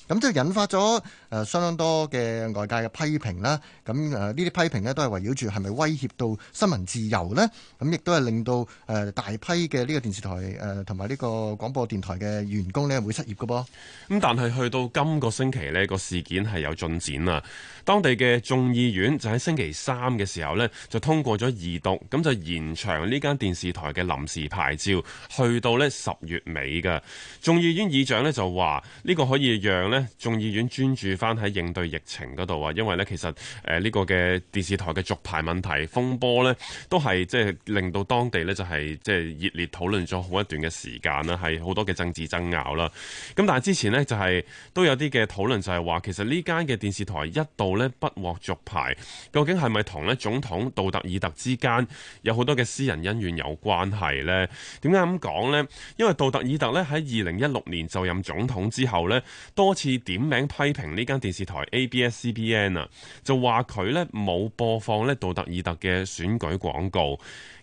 咁即係引發咗誒相當多嘅外界嘅批評啦，咁誒呢啲批評咧都係圍繞住係咪威脅到新聞自由咧？咁亦都係令到誒大批嘅呢個電視台誒同埋呢個廣播電台嘅員工咧會失業嘅噃。咁但係去到今個星期咧個事件係有進展啊！當地嘅眾議院就喺星期三嘅時候咧就通過咗二讀，咁就延長呢間電視台嘅臨時牌照去到咧十月尾嘅。眾議院議長咧就話呢個可以讓。呢眾議院專注翻喺應對疫情嗰度啊，因為呢其實誒呢個嘅電視台嘅續牌問題風波呢，都係即係令到當地呢，就係即係熱烈討論咗好一段嘅時間啦，係好多嘅政治爭拗啦。咁但係之前呢，就係都有啲嘅討論就係話，其實呢間嘅電視台一度呢，不獲續牌，究竟係咪同呢總統杜特爾特之間有好多嘅私人恩怨有關係呢？點解咁講呢？因為杜特爾特呢，喺二零一六年就任總統之後呢，多次點名批評呢間電視台 ABS-CBN 啊，ABS BN，就話佢咧冇播放咧杜特爾特嘅選舉廣告。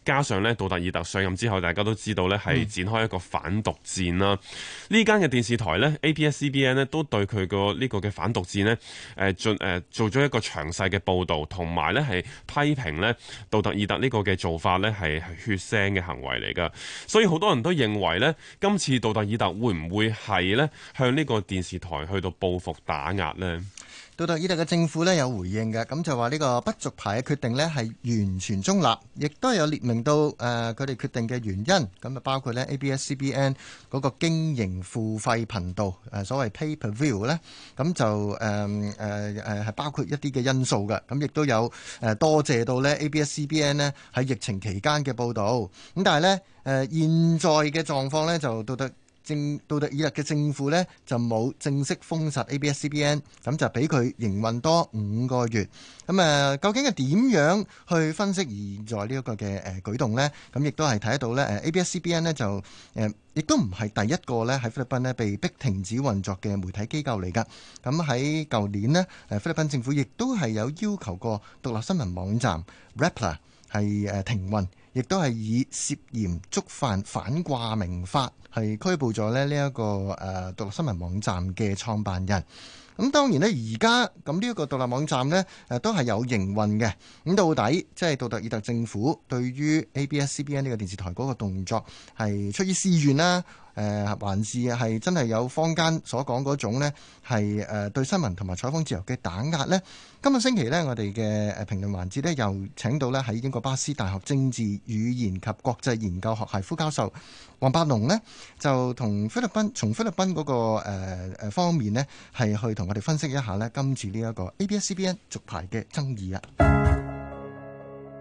加上咧，杜特爾特上任之後，大家都知道咧，係展開一個反毒戰啦。呢間嘅電視台咧，A B S - C B N 咧，都對佢個呢個嘅反毒戰呢誒進誒做咗、呃、一個詳細嘅報導，同埋咧係批評咧杜特爾特呢個嘅做法咧係血腥嘅行為嚟㗎。所以好多人都認為咧，今次杜特爾特會唔會係咧向呢個電視台去到報復打壓咧？到到呢度嘅政府咧有回應嘅，咁就話呢個不續牌嘅決定呢，係完全中立，亦都有列明到佢哋、呃、決定嘅原因，咁就包括呢 ABS-CBN 嗰個經營付費頻道所謂 pay per view 呢。咁就係、呃呃、包括一啲嘅因素嘅，咁亦都有多謝到呢 ABS-CBN 喺疫情期間嘅報導，咁但係呢、呃，現在嘅狀況呢，就到得。政杜特爾特嘅政府咧，就冇正式封殺 ABS-CBN，咁就俾佢營運多五個月。咁誒，究竟係點樣去分析現在呢一個嘅誒舉動咧？咁亦都係睇得到咧，誒 ABS-CBN 咧就誒亦都唔係第一個咧，喺菲律賓咧，被逼停止運作嘅媒體機構嚟噶。咁喺舊年咧，誒菲律賓政府亦都係有要求過獨立新聞網站 Rappler 係誒停運。亦都係以涉嫌觸犯反掛名法，係拘捕咗咧呢一個誒獨立新聞網站嘅創辦人。咁當然呢而家咁呢個個獨立網站呢都係有營運嘅。咁到底即係杜特爾特政府對於 ABS-CBN 呢個電視台嗰個動作係出於私怨啦，誒還是係真係有坊間所講嗰種呢？係對對新聞同埋採訪自由嘅打壓呢？今個星期呢，我哋嘅誒評論環節呢，又請到呢喺英國巴斯大學政治語言及國際研究學系副教授。王伯龍咧就同菲律賓從菲律賓嗰、嗰個、呃、方面咧係去同我哋分析一下咧今次呢一個 ABS-CBN 續牌嘅爭議啊。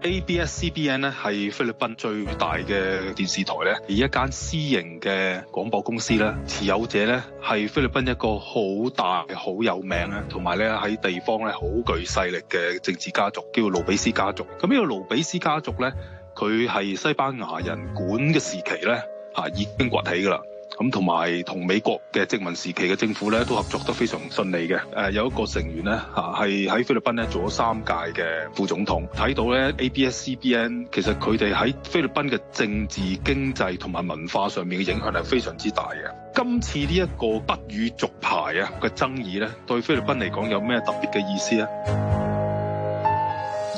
ABS-CBN 咧係菲律賓最大嘅電視台咧，而一間私營嘅廣播公司咧，持有者咧係菲律賓一個好大、好有名咧，同埋咧喺地方咧好具勢力嘅政治家族，叫做盧比斯家族。咁呢個盧比斯家族咧，佢係西班牙人管嘅時期咧。啊，已經崛起㗎喇，咁同埋同美國嘅殖民時期嘅政府咧，都合作得非常順利嘅。誒，有一個成員咧，嚇係喺菲律賓咧做咗三屆嘅副總統，睇到咧 ABS-CBN，其實佢哋喺菲律賓嘅政治、經濟同埋文化上面嘅影響係非常之大嘅。今次呢一個不予續牌啊嘅爭議咧，對菲律賓嚟講有咩特別嘅意思咧？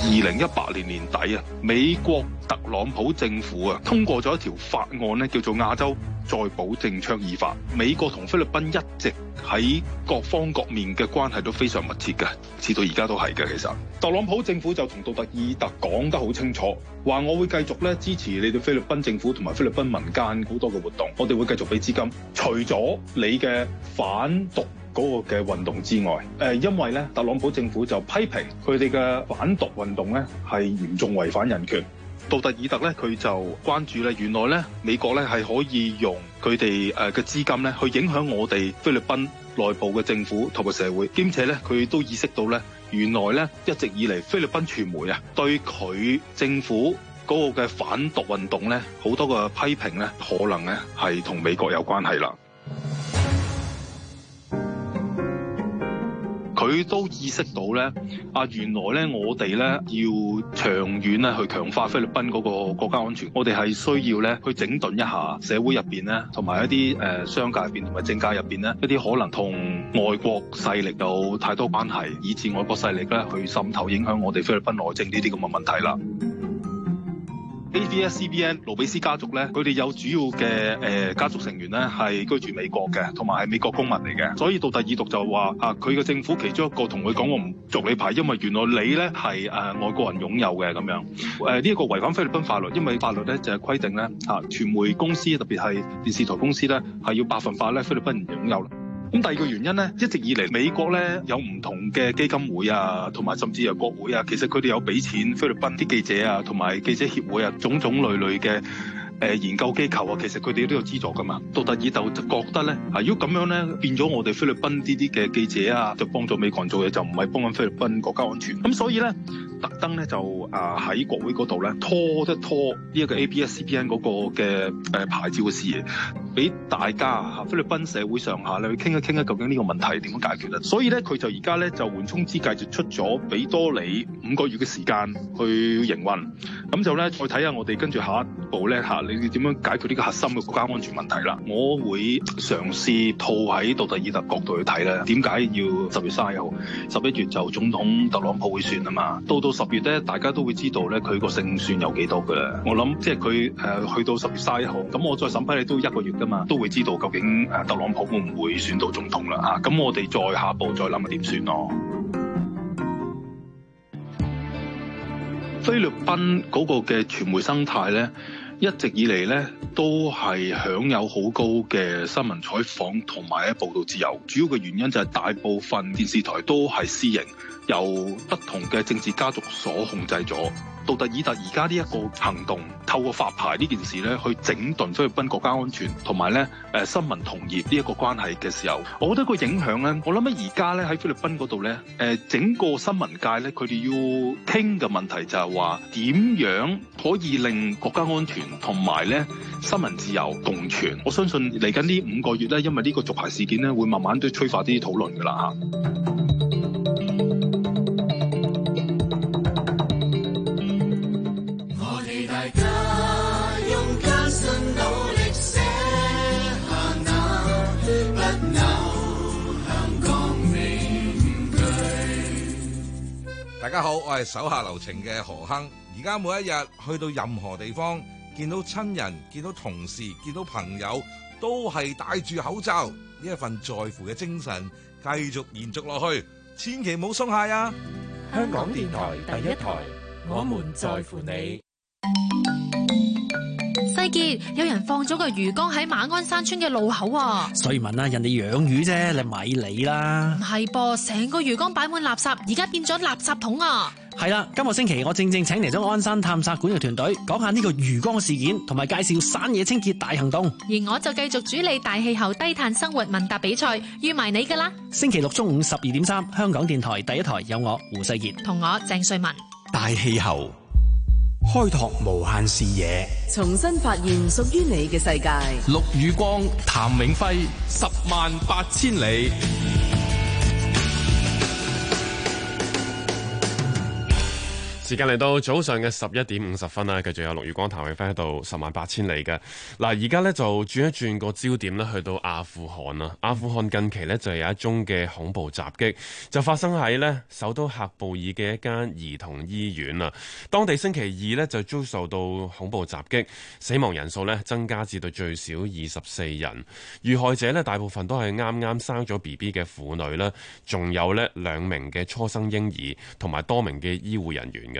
二零一八年年底啊，美國特朗普政府啊通過咗一條法案，呢叫做《亞洲再保證倡議法》。美國同菲律賓一直喺各方各面嘅關係都非常密切嘅，至到而家都係嘅。其實特朗普政府就同杜特爾特講得好清楚，話我會繼續咧支持你哋菲律賓政府同埋菲律賓民間好多嘅活動，我哋會繼續俾資金，除咗你嘅反毒。嗰個嘅運動之外，誒，因為咧，特朗普政府就批評佢哋嘅反毒運動咧係嚴重違反人權。杜特爾特咧，佢就關注咧，原來咧，美國咧係可以用佢哋誒嘅資金咧去影響我哋菲律賓內部嘅政府同埋社會，兼且咧，佢都意識到咧，原來咧一直以嚟菲律賓傳媒啊對佢政府嗰個嘅反毒運動咧好多嘅批評咧，可能咧係同美國有關係啦。佢都意識到呢，啊，原來呢，我哋呢要長遠呢去強化菲律賓嗰個國家安全，我哋係需要呢去整頓一下社會入面呢，同埋一啲誒商界入面，同埋政界入面呢，一啲可能同外國勢力有太多關係，以致外國勢力呢去滲透影響我哋菲律賓內政呢啲咁嘅問題啦。ABS-CBN 盧比斯家族咧，佢哋有主要嘅、呃、家族成員咧，係居住美國嘅，同埋係美國公民嚟嘅。所以到第二度就話啊，佢嘅政府其中一個同佢講，我唔續你牌，因為原來你咧係、呃、外國人擁有嘅咁樣，誒呢一個違反菲律賓法律，因為法律咧就係、是、規定咧嚇、啊，傳媒公司特別係電視台公司咧係要百分百咧菲律賓人擁有啦。咁第二個原因咧，一直以嚟美國咧有唔同嘅基金會啊，同埋甚至有國會啊，其實佢哋有俾錢菲律賓啲記者啊，同埋記者協會啊，種種類類嘅。誒研究機構啊，其實佢哋都有資助噶嘛。杜特爾特就覺得咧，如果咁樣咧，變咗我哋菲律賓啲啲嘅記者啊，就幫助美國人做嘢，就唔係幫緊菲律賓國家安全。咁所以咧，特登咧就啊喺國會嗰度咧拖一拖呢一個 ABS-CBN 嗰個嘅牌照嘅事業，俾大家菲律賓社會上下咧去傾一傾啊，究竟呢個問題點樣解決啊？所以咧佢就而家咧就緩衝之計就出咗俾多你五個月嘅時間去營運，咁就咧再睇下我哋跟住下一步咧你哋點樣解決呢個核心嘅國家安全問題啦？我會嘗試套喺杜特爾特角度去睇咧，點解要十月三十一號十一月就總統特朗普會選啊嘛？到到十月咧，大家都會知道咧，佢個勝算有幾多嘅。我諗即係佢誒去到十月三十一號，咁我再審批你都一個月噶嘛，都會知道究竟誒特朗普會唔會選到總統啦？嚇、啊，咁我哋再下步再諗啊點算咯？ 菲律賓嗰個嘅傳媒生態咧。一直以嚟呢都係享有好高嘅新聞採訪同埋嘅報道自由。主要嘅原因就係大部分電視台都係私營。由不同嘅政治家族所控制咗，杜特爾特而家呢一個行動，透過發牌呢件事咧去整頓菲律賓國家安全同埋咧誒新聞同業呢一個關係嘅時候，我覺得個影響咧，我諗咧而家咧喺菲律賓嗰度咧，整個新聞界咧佢哋要傾嘅問題就係話點樣可以令國家安全同埋咧新聞自由共存。我相信嚟緊呢五個月咧，因為呢個續牌事件咧會慢慢都催化啲討論噶啦。大家好，我係手下留情嘅何亨。而家每一日去到任何地方，見到親人、見到同事、見到朋友，都係戴住口罩，呢一份在乎嘅精神，繼續延續落去，千祈唔好鬆懈啊！香港電台第一台，我們在乎你。有人放咗個魚缸喺馬鞍山村嘅路口啊！瑞文啊，人哋養魚啫，你咪理啦。唔係噃，成個魚缸擺滿垃圾，而家變咗垃圾桶啊！係啦，今個星期我正正請嚟咗鞍山探索館嘅團隊，講下呢個魚缸事件，同埋介紹山野清潔大行動。而我就繼續主理大氣候低碳生活問答比賽，預埋你噶啦。星期六中午十二點三，香港電台第一台，有我胡世杰同我鄭瑞文大氣候。開拓無限視野，重新發現屬於你嘅世界。陸雨光、譚永輝，十萬八千里。時間嚟到早上嘅十一點五十分啦，繼續有陸月光、譚永輝喺度，十萬八千里嘅嗱，而家呢就轉一轉個焦點呢去到阿富汗啦。阿富汗近期呢就有一宗嘅恐怖襲擊，就發生喺呢首都喀布爾嘅一間兒童醫院啦。當地星期二呢就遭受到恐怖襲擊，死亡人數呢增加至到最少二十四人，遇害者呢大部分都係啱啱生咗 BB 嘅婦女啦，仲有呢兩名嘅初生嬰兒同埋多名嘅醫護人員嘅。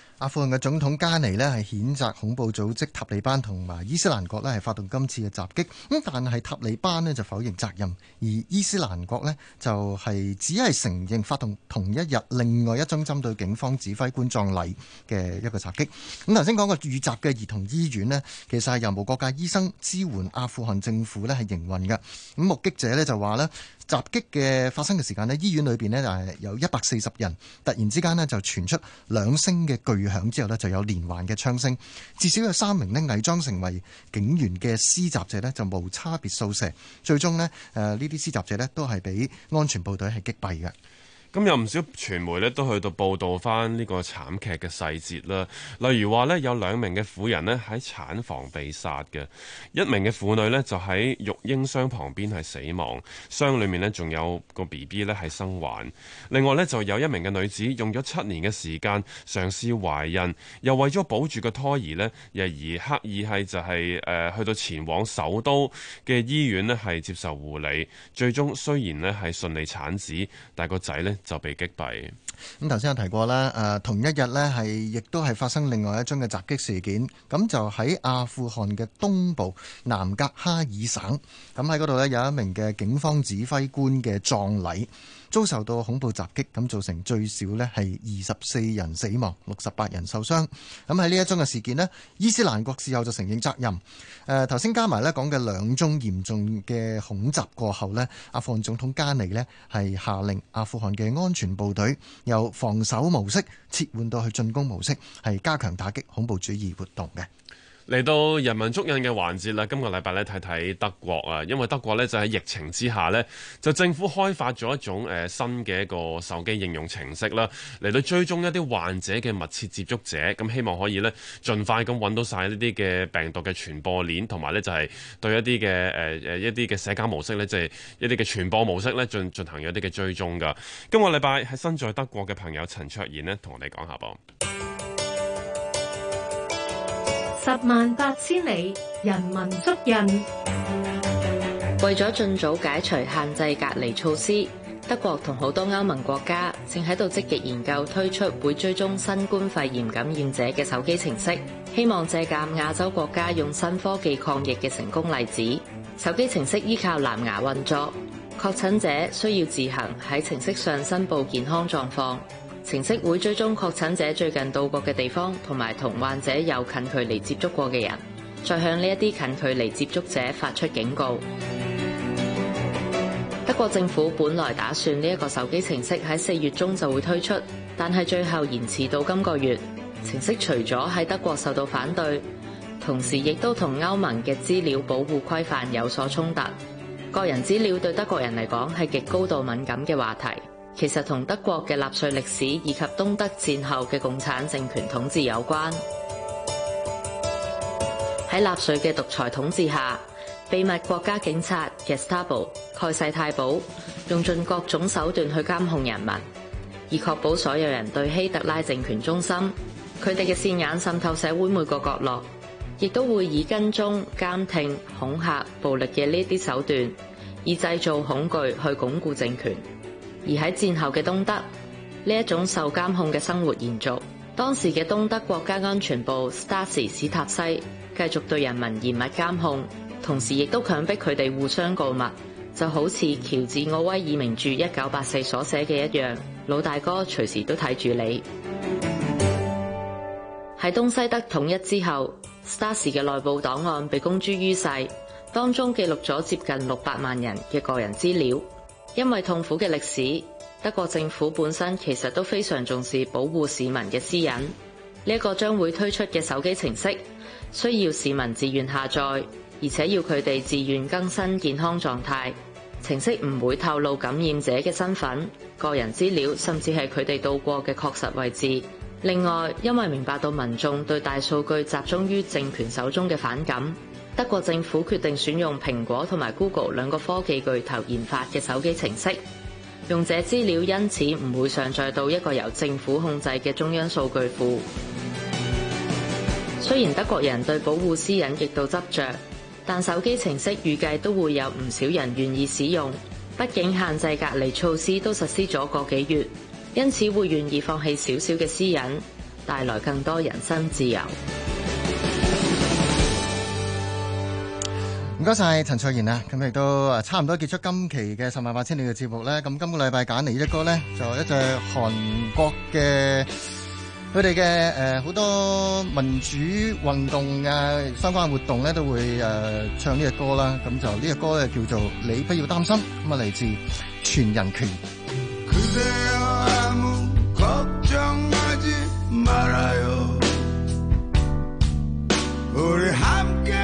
阿富汗嘅總統加尼咧係譴責恐怖組織塔利班同埋伊斯蘭國咧係發動今次嘅襲擊，咁但係塔利班咧就否認責任，而伊斯蘭國咧就係、是、只係承認發動同一日另外一宗針對警方指揮官葬禮嘅一個襲擊。咁頭先講過遇襲嘅兒童醫院咧，其實係由無國界醫生支援阿富汗政府咧係營運嘅。咁目擊者咧就話咧襲擊嘅發生嘅時間咧，醫院裏邊咧就係有一百四十人突然之間咧就傳出兩聲嘅巨。響之後呢，就有連環嘅槍聲。至少有三名呢，偽裝成為警員嘅施襲者呢，就無差別掃射，最終呢，誒呢啲施襲者呢，都係俾安全部隊係擊斃嘅。咁有唔少傳媒呢都去到報道翻呢個慘劇嘅細節啦，例如話呢有兩名嘅婦人呢喺產房被殺嘅，一名嘅婦女呢，就喺育嬰箱旁邊係死亡，箱裏面呢，仲有個 B B 呢係生還。另外呢，就有一名嘅女子用咗七年嘅時間嘗試懷孕，又為咗保住個胎兒呢日而刻意係就係誒去到前往首都嘅醫院呢係接受護理，最終雖然呢係順利產子，但係個仔呢。就被擊斃。咁頭先有提過啦，誒同一日呢，係亦都係發生另外一宗嘅襲擊事件。咁就喺阿富汗嘅東部南格哈爾省，咁喺嗰度呢，有一名嘅警方指揮官嘅葬禮。遭受到恐怖襲擊，咁造成最少呢係二十四人死亡、六十八人受傷。咁喺呢一宗嘅事件呢，伊斯蘭國事後就承認責任。誒頭先加埋呢講嘅兩宗嚴重嘅恐襲過後呢，阿富汗總統加尼呢係下令阿富汗嘅安全部隊由防守模式切換到去進攻模式，係加強打擊恐怖主義活動嘅。嚟到人民足印嘅環節啦，今個禮拜咧睇睇德國啊，因為德國咧就喺疫情之下咧，就政府開發咗一種誒、呃、新嘅一個手機應用程式啦，嚟到追蹤一啲患者嘅密切接觸者，咁希望可以咧盡快咁揾到晒呢啲嘅病毒嘅傳播鏈，同埋咧就係、是、對一啲嘅誒誒一啲嘅社交模式咧，就係、是、一啲嘅傳播模式咧進進行有啲嘅追蹤噶。今個禮拜喺身在德國嘅朋友陳卓賢呢，同我哋講下噃。十萬八千里，人民足印。為咗盡早解除限制隔離措施，德國同好多歐盟國家正喺度積極研究推出會追蹤新冠肺炎感染者嘅手機程式，希望借鑒亞洲國家用新科技抗疫嘅成功例子。手機程式依靠藍牙運作，確診者需要自行喺程式上申報健康狀況。程式會追蹤確診者最近到過嘅地方，同埋同患者有近距離接觸過嘅人，再向呢一啲近距離接觸者發出警告。德國政府本來打算呢一個手機程式喺四月中就會推出，但係最後延遲到今個月。程式除咗喺德國受到反對，同時亦都同歐盟嘅資料保護規範有所衝突。個人資料對德國人嚟講係極高度敏感嘅話題。其實同德國嘅納粹歷史以及東德戰後嘅共產政權統治有關。喺納粹嘅獨裁統治下，秘密國家警察 Gestapo 蓋世太保用盡各種手段去監控人民，以確保所有人對希特拉政權忠心。佢哋嘅線眼滲透社會每個角落，亦都會以跟蹤、監聽、恐嚇、暴力嘅呢啲手段，以製造恐懼去鞏固政權。而喺戰後嘅東德，呢一種受監控嘅生活延續。當時嘅東德國家安全部 Stasi 史塔西繼續對人民嚴密監控，同時亦都強迫佢哋互相告密。就好似喬治奧威爾名著《一九八四》所寫嘅一樣，老大哥隨時都睇住你。喺東西德統一之後，Stasi 嘅內部檔案被公諸於世，當中記錄咗接近六百萬人嘅個人資料。因為痛苦嘅歷史，德國政府本身其實都非常重視保護市民嘅私隱。呢一個將會推出嘅手機程式，需要市民自願下載，而且要佢哋自願更新健康狀態。程式唔會透露感染者嘅身份、個人資料，甚至係佢哋到過嘅確實位置。另外，因為明白到民眾對大數據集中於政權手中嘅反感。德國政府決定選用蘋果同埋 Google 兩個科技巨頭研發嘅手機程式，用者資料因此唔會上載到一個由政府控制嘅中央數據庫。雖然德國人對保護私隱極度執着，但手機程式預計都會有唔少人願意使用，畢竟限制隔離措施都實施咗個幾月，因此會願意放棄少少嘅私隱，帶來更多人身自由。唔該曬陳卓賢啊，咁亦都啊差唔多結束今期嘅十萬八千里嘅節目咧。咁今個禮拜揀嚟呢隻歌咧，就一隻韓國嘅佢哋嘅誒，好多民主運動嘅相關活動咧都會誒唱呢隻歌啦。咁就呢隻歌咧叫做你不要擔心，咁啊嚟自全人權。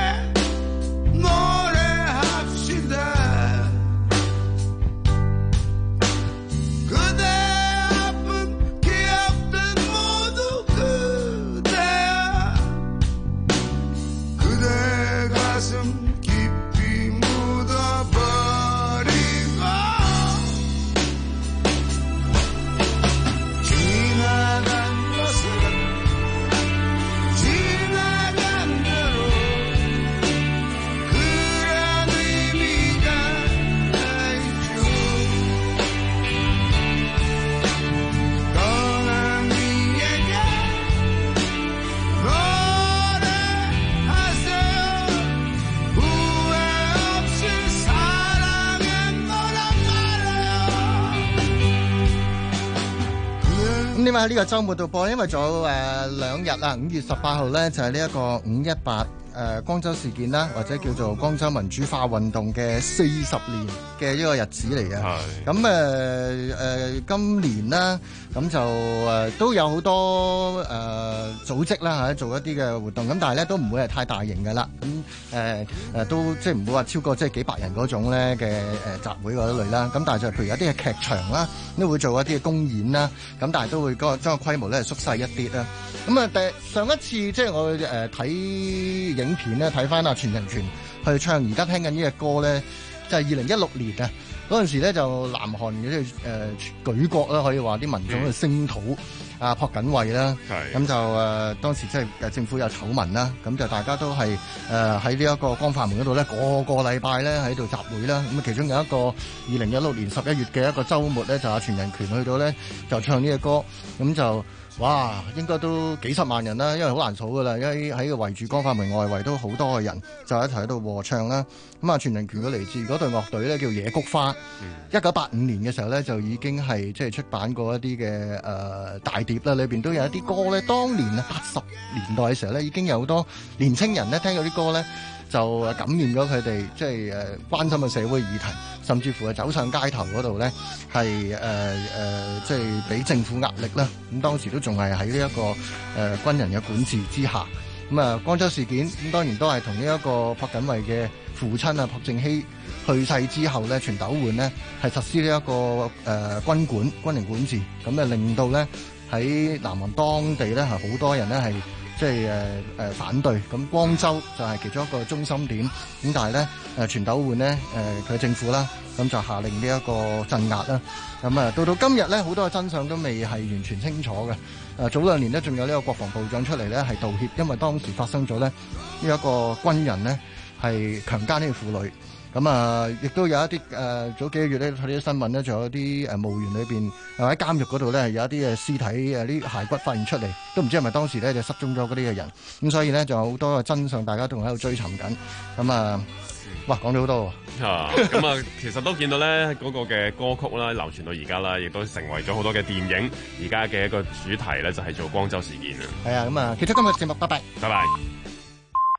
喺呢個周末度播，因為仲有誒兩日啦。五月十八號咧就係呢一個五一八。誒，光、呃、州事件啦，或者叫做光州民主化運動嘅四十年嘅一個日子嚟嘅。咁誒誒今年啦，咁、嗯、就誒、呃、都有好多誒、呃、組織啦吓、啊、做一啲嘅活動咁，但係咧都唔會係太大型嘅啦。咁、嗯、誒、呃、都即係唔會話超過即係幾百人嗰種，咧嘅誒集會嗰類啦。咁但係就譬如有啲嘅劇場啦，都會做一啲嘅公演啦。咁但係都會個將將規規模咧縮細一啲啦。咁啊第上一次即係我誒睇、呃、影。影片咧睇翻阿全仁權去唱而家聽緊呢隻歌咧，就係二零一六年啊，嗰陣時咧就南韓嘅啲、呃、舉國啦，可以話啲民眾喺度聲討、嗯、啊朴槿惠啦，咁是就誒、呃、當時即係政府有醜聞啦，咁就大家都係誒喺呢一個光化門嗰度咧，個個禮拜咧喺度集會啦，咁其中有一個二零一六年十一月嘅一個週末咧，就阿全仁權去到咧就唱呢隻歌，咁就。哇，應該都幾十萬人啦，因為好難數噶啦，因為喺個圍住光化門外圍都好多嘅人，就一齊喺度和唱啦。咁啊，全仁權嗰嚟自嗰隊樂隊咧，叫野菊花。一九八五年嘅時候咧，就已經係即係出版過一啲嘅誒大碟啦，裏面都有一啲歌咧。當年啊，八十年代嘅時候咧，已經有好多年青人咧聽嗰啲歌咧。就感染咗佢哋，即係誒關心嘅社會議題，甚至乎係走上街頭嗰度咧，係誒誒，即係俾政府壓力啦。咁當時都仲係喺呢一個誒、呃、軍人嘅管治之下。咁、嗯、啊，光州事件咁當然都係同呢一個朴槿惠嘅父親啊，朴正熙去世之後咧，全斗煥咧係實施呢一個誒、呃、軍管軍營管治，咁啊令到咧喺南韓當地咧係好多人咧係。即係、呃呃、反對，咁光州就係其中一個中心點，咁但係咧、呃、全斗煥咧誒佢政府啦，咁就下令呢一個鎮壓啦，咁啊到到今日咧好多嘅真相都未係完全清楚嘅、呃，早兩年咧仲有呢個國防部長出嚟咧係道歉，因為當時發生咗咧呢一個軍人咧係強姦呢個婦女。咁啊，亦都有一啲誒早幾個月咧睇啲新聞咧，仲有一啲誒墓園裏邊，喺監獄嗰度咧有一啲誒屍體誒啲骸骨發現出嚟，都唔知係咪當時咧就失蹤咗嗰啲嘅人，咁所以咧仲有好多嘅真相，大家都仲喺度追尋緊。咁啊，哇，講咗好多喎。咁啊，其實都見到咧嗰個嘅歌曲啦，流傳到而家啦，亦都成為咗好多嘅電影。而家嘅一個主題咧就係做光州事件啊。係啊，咁啊，結束今日嘅節目，拜拜。拜拜。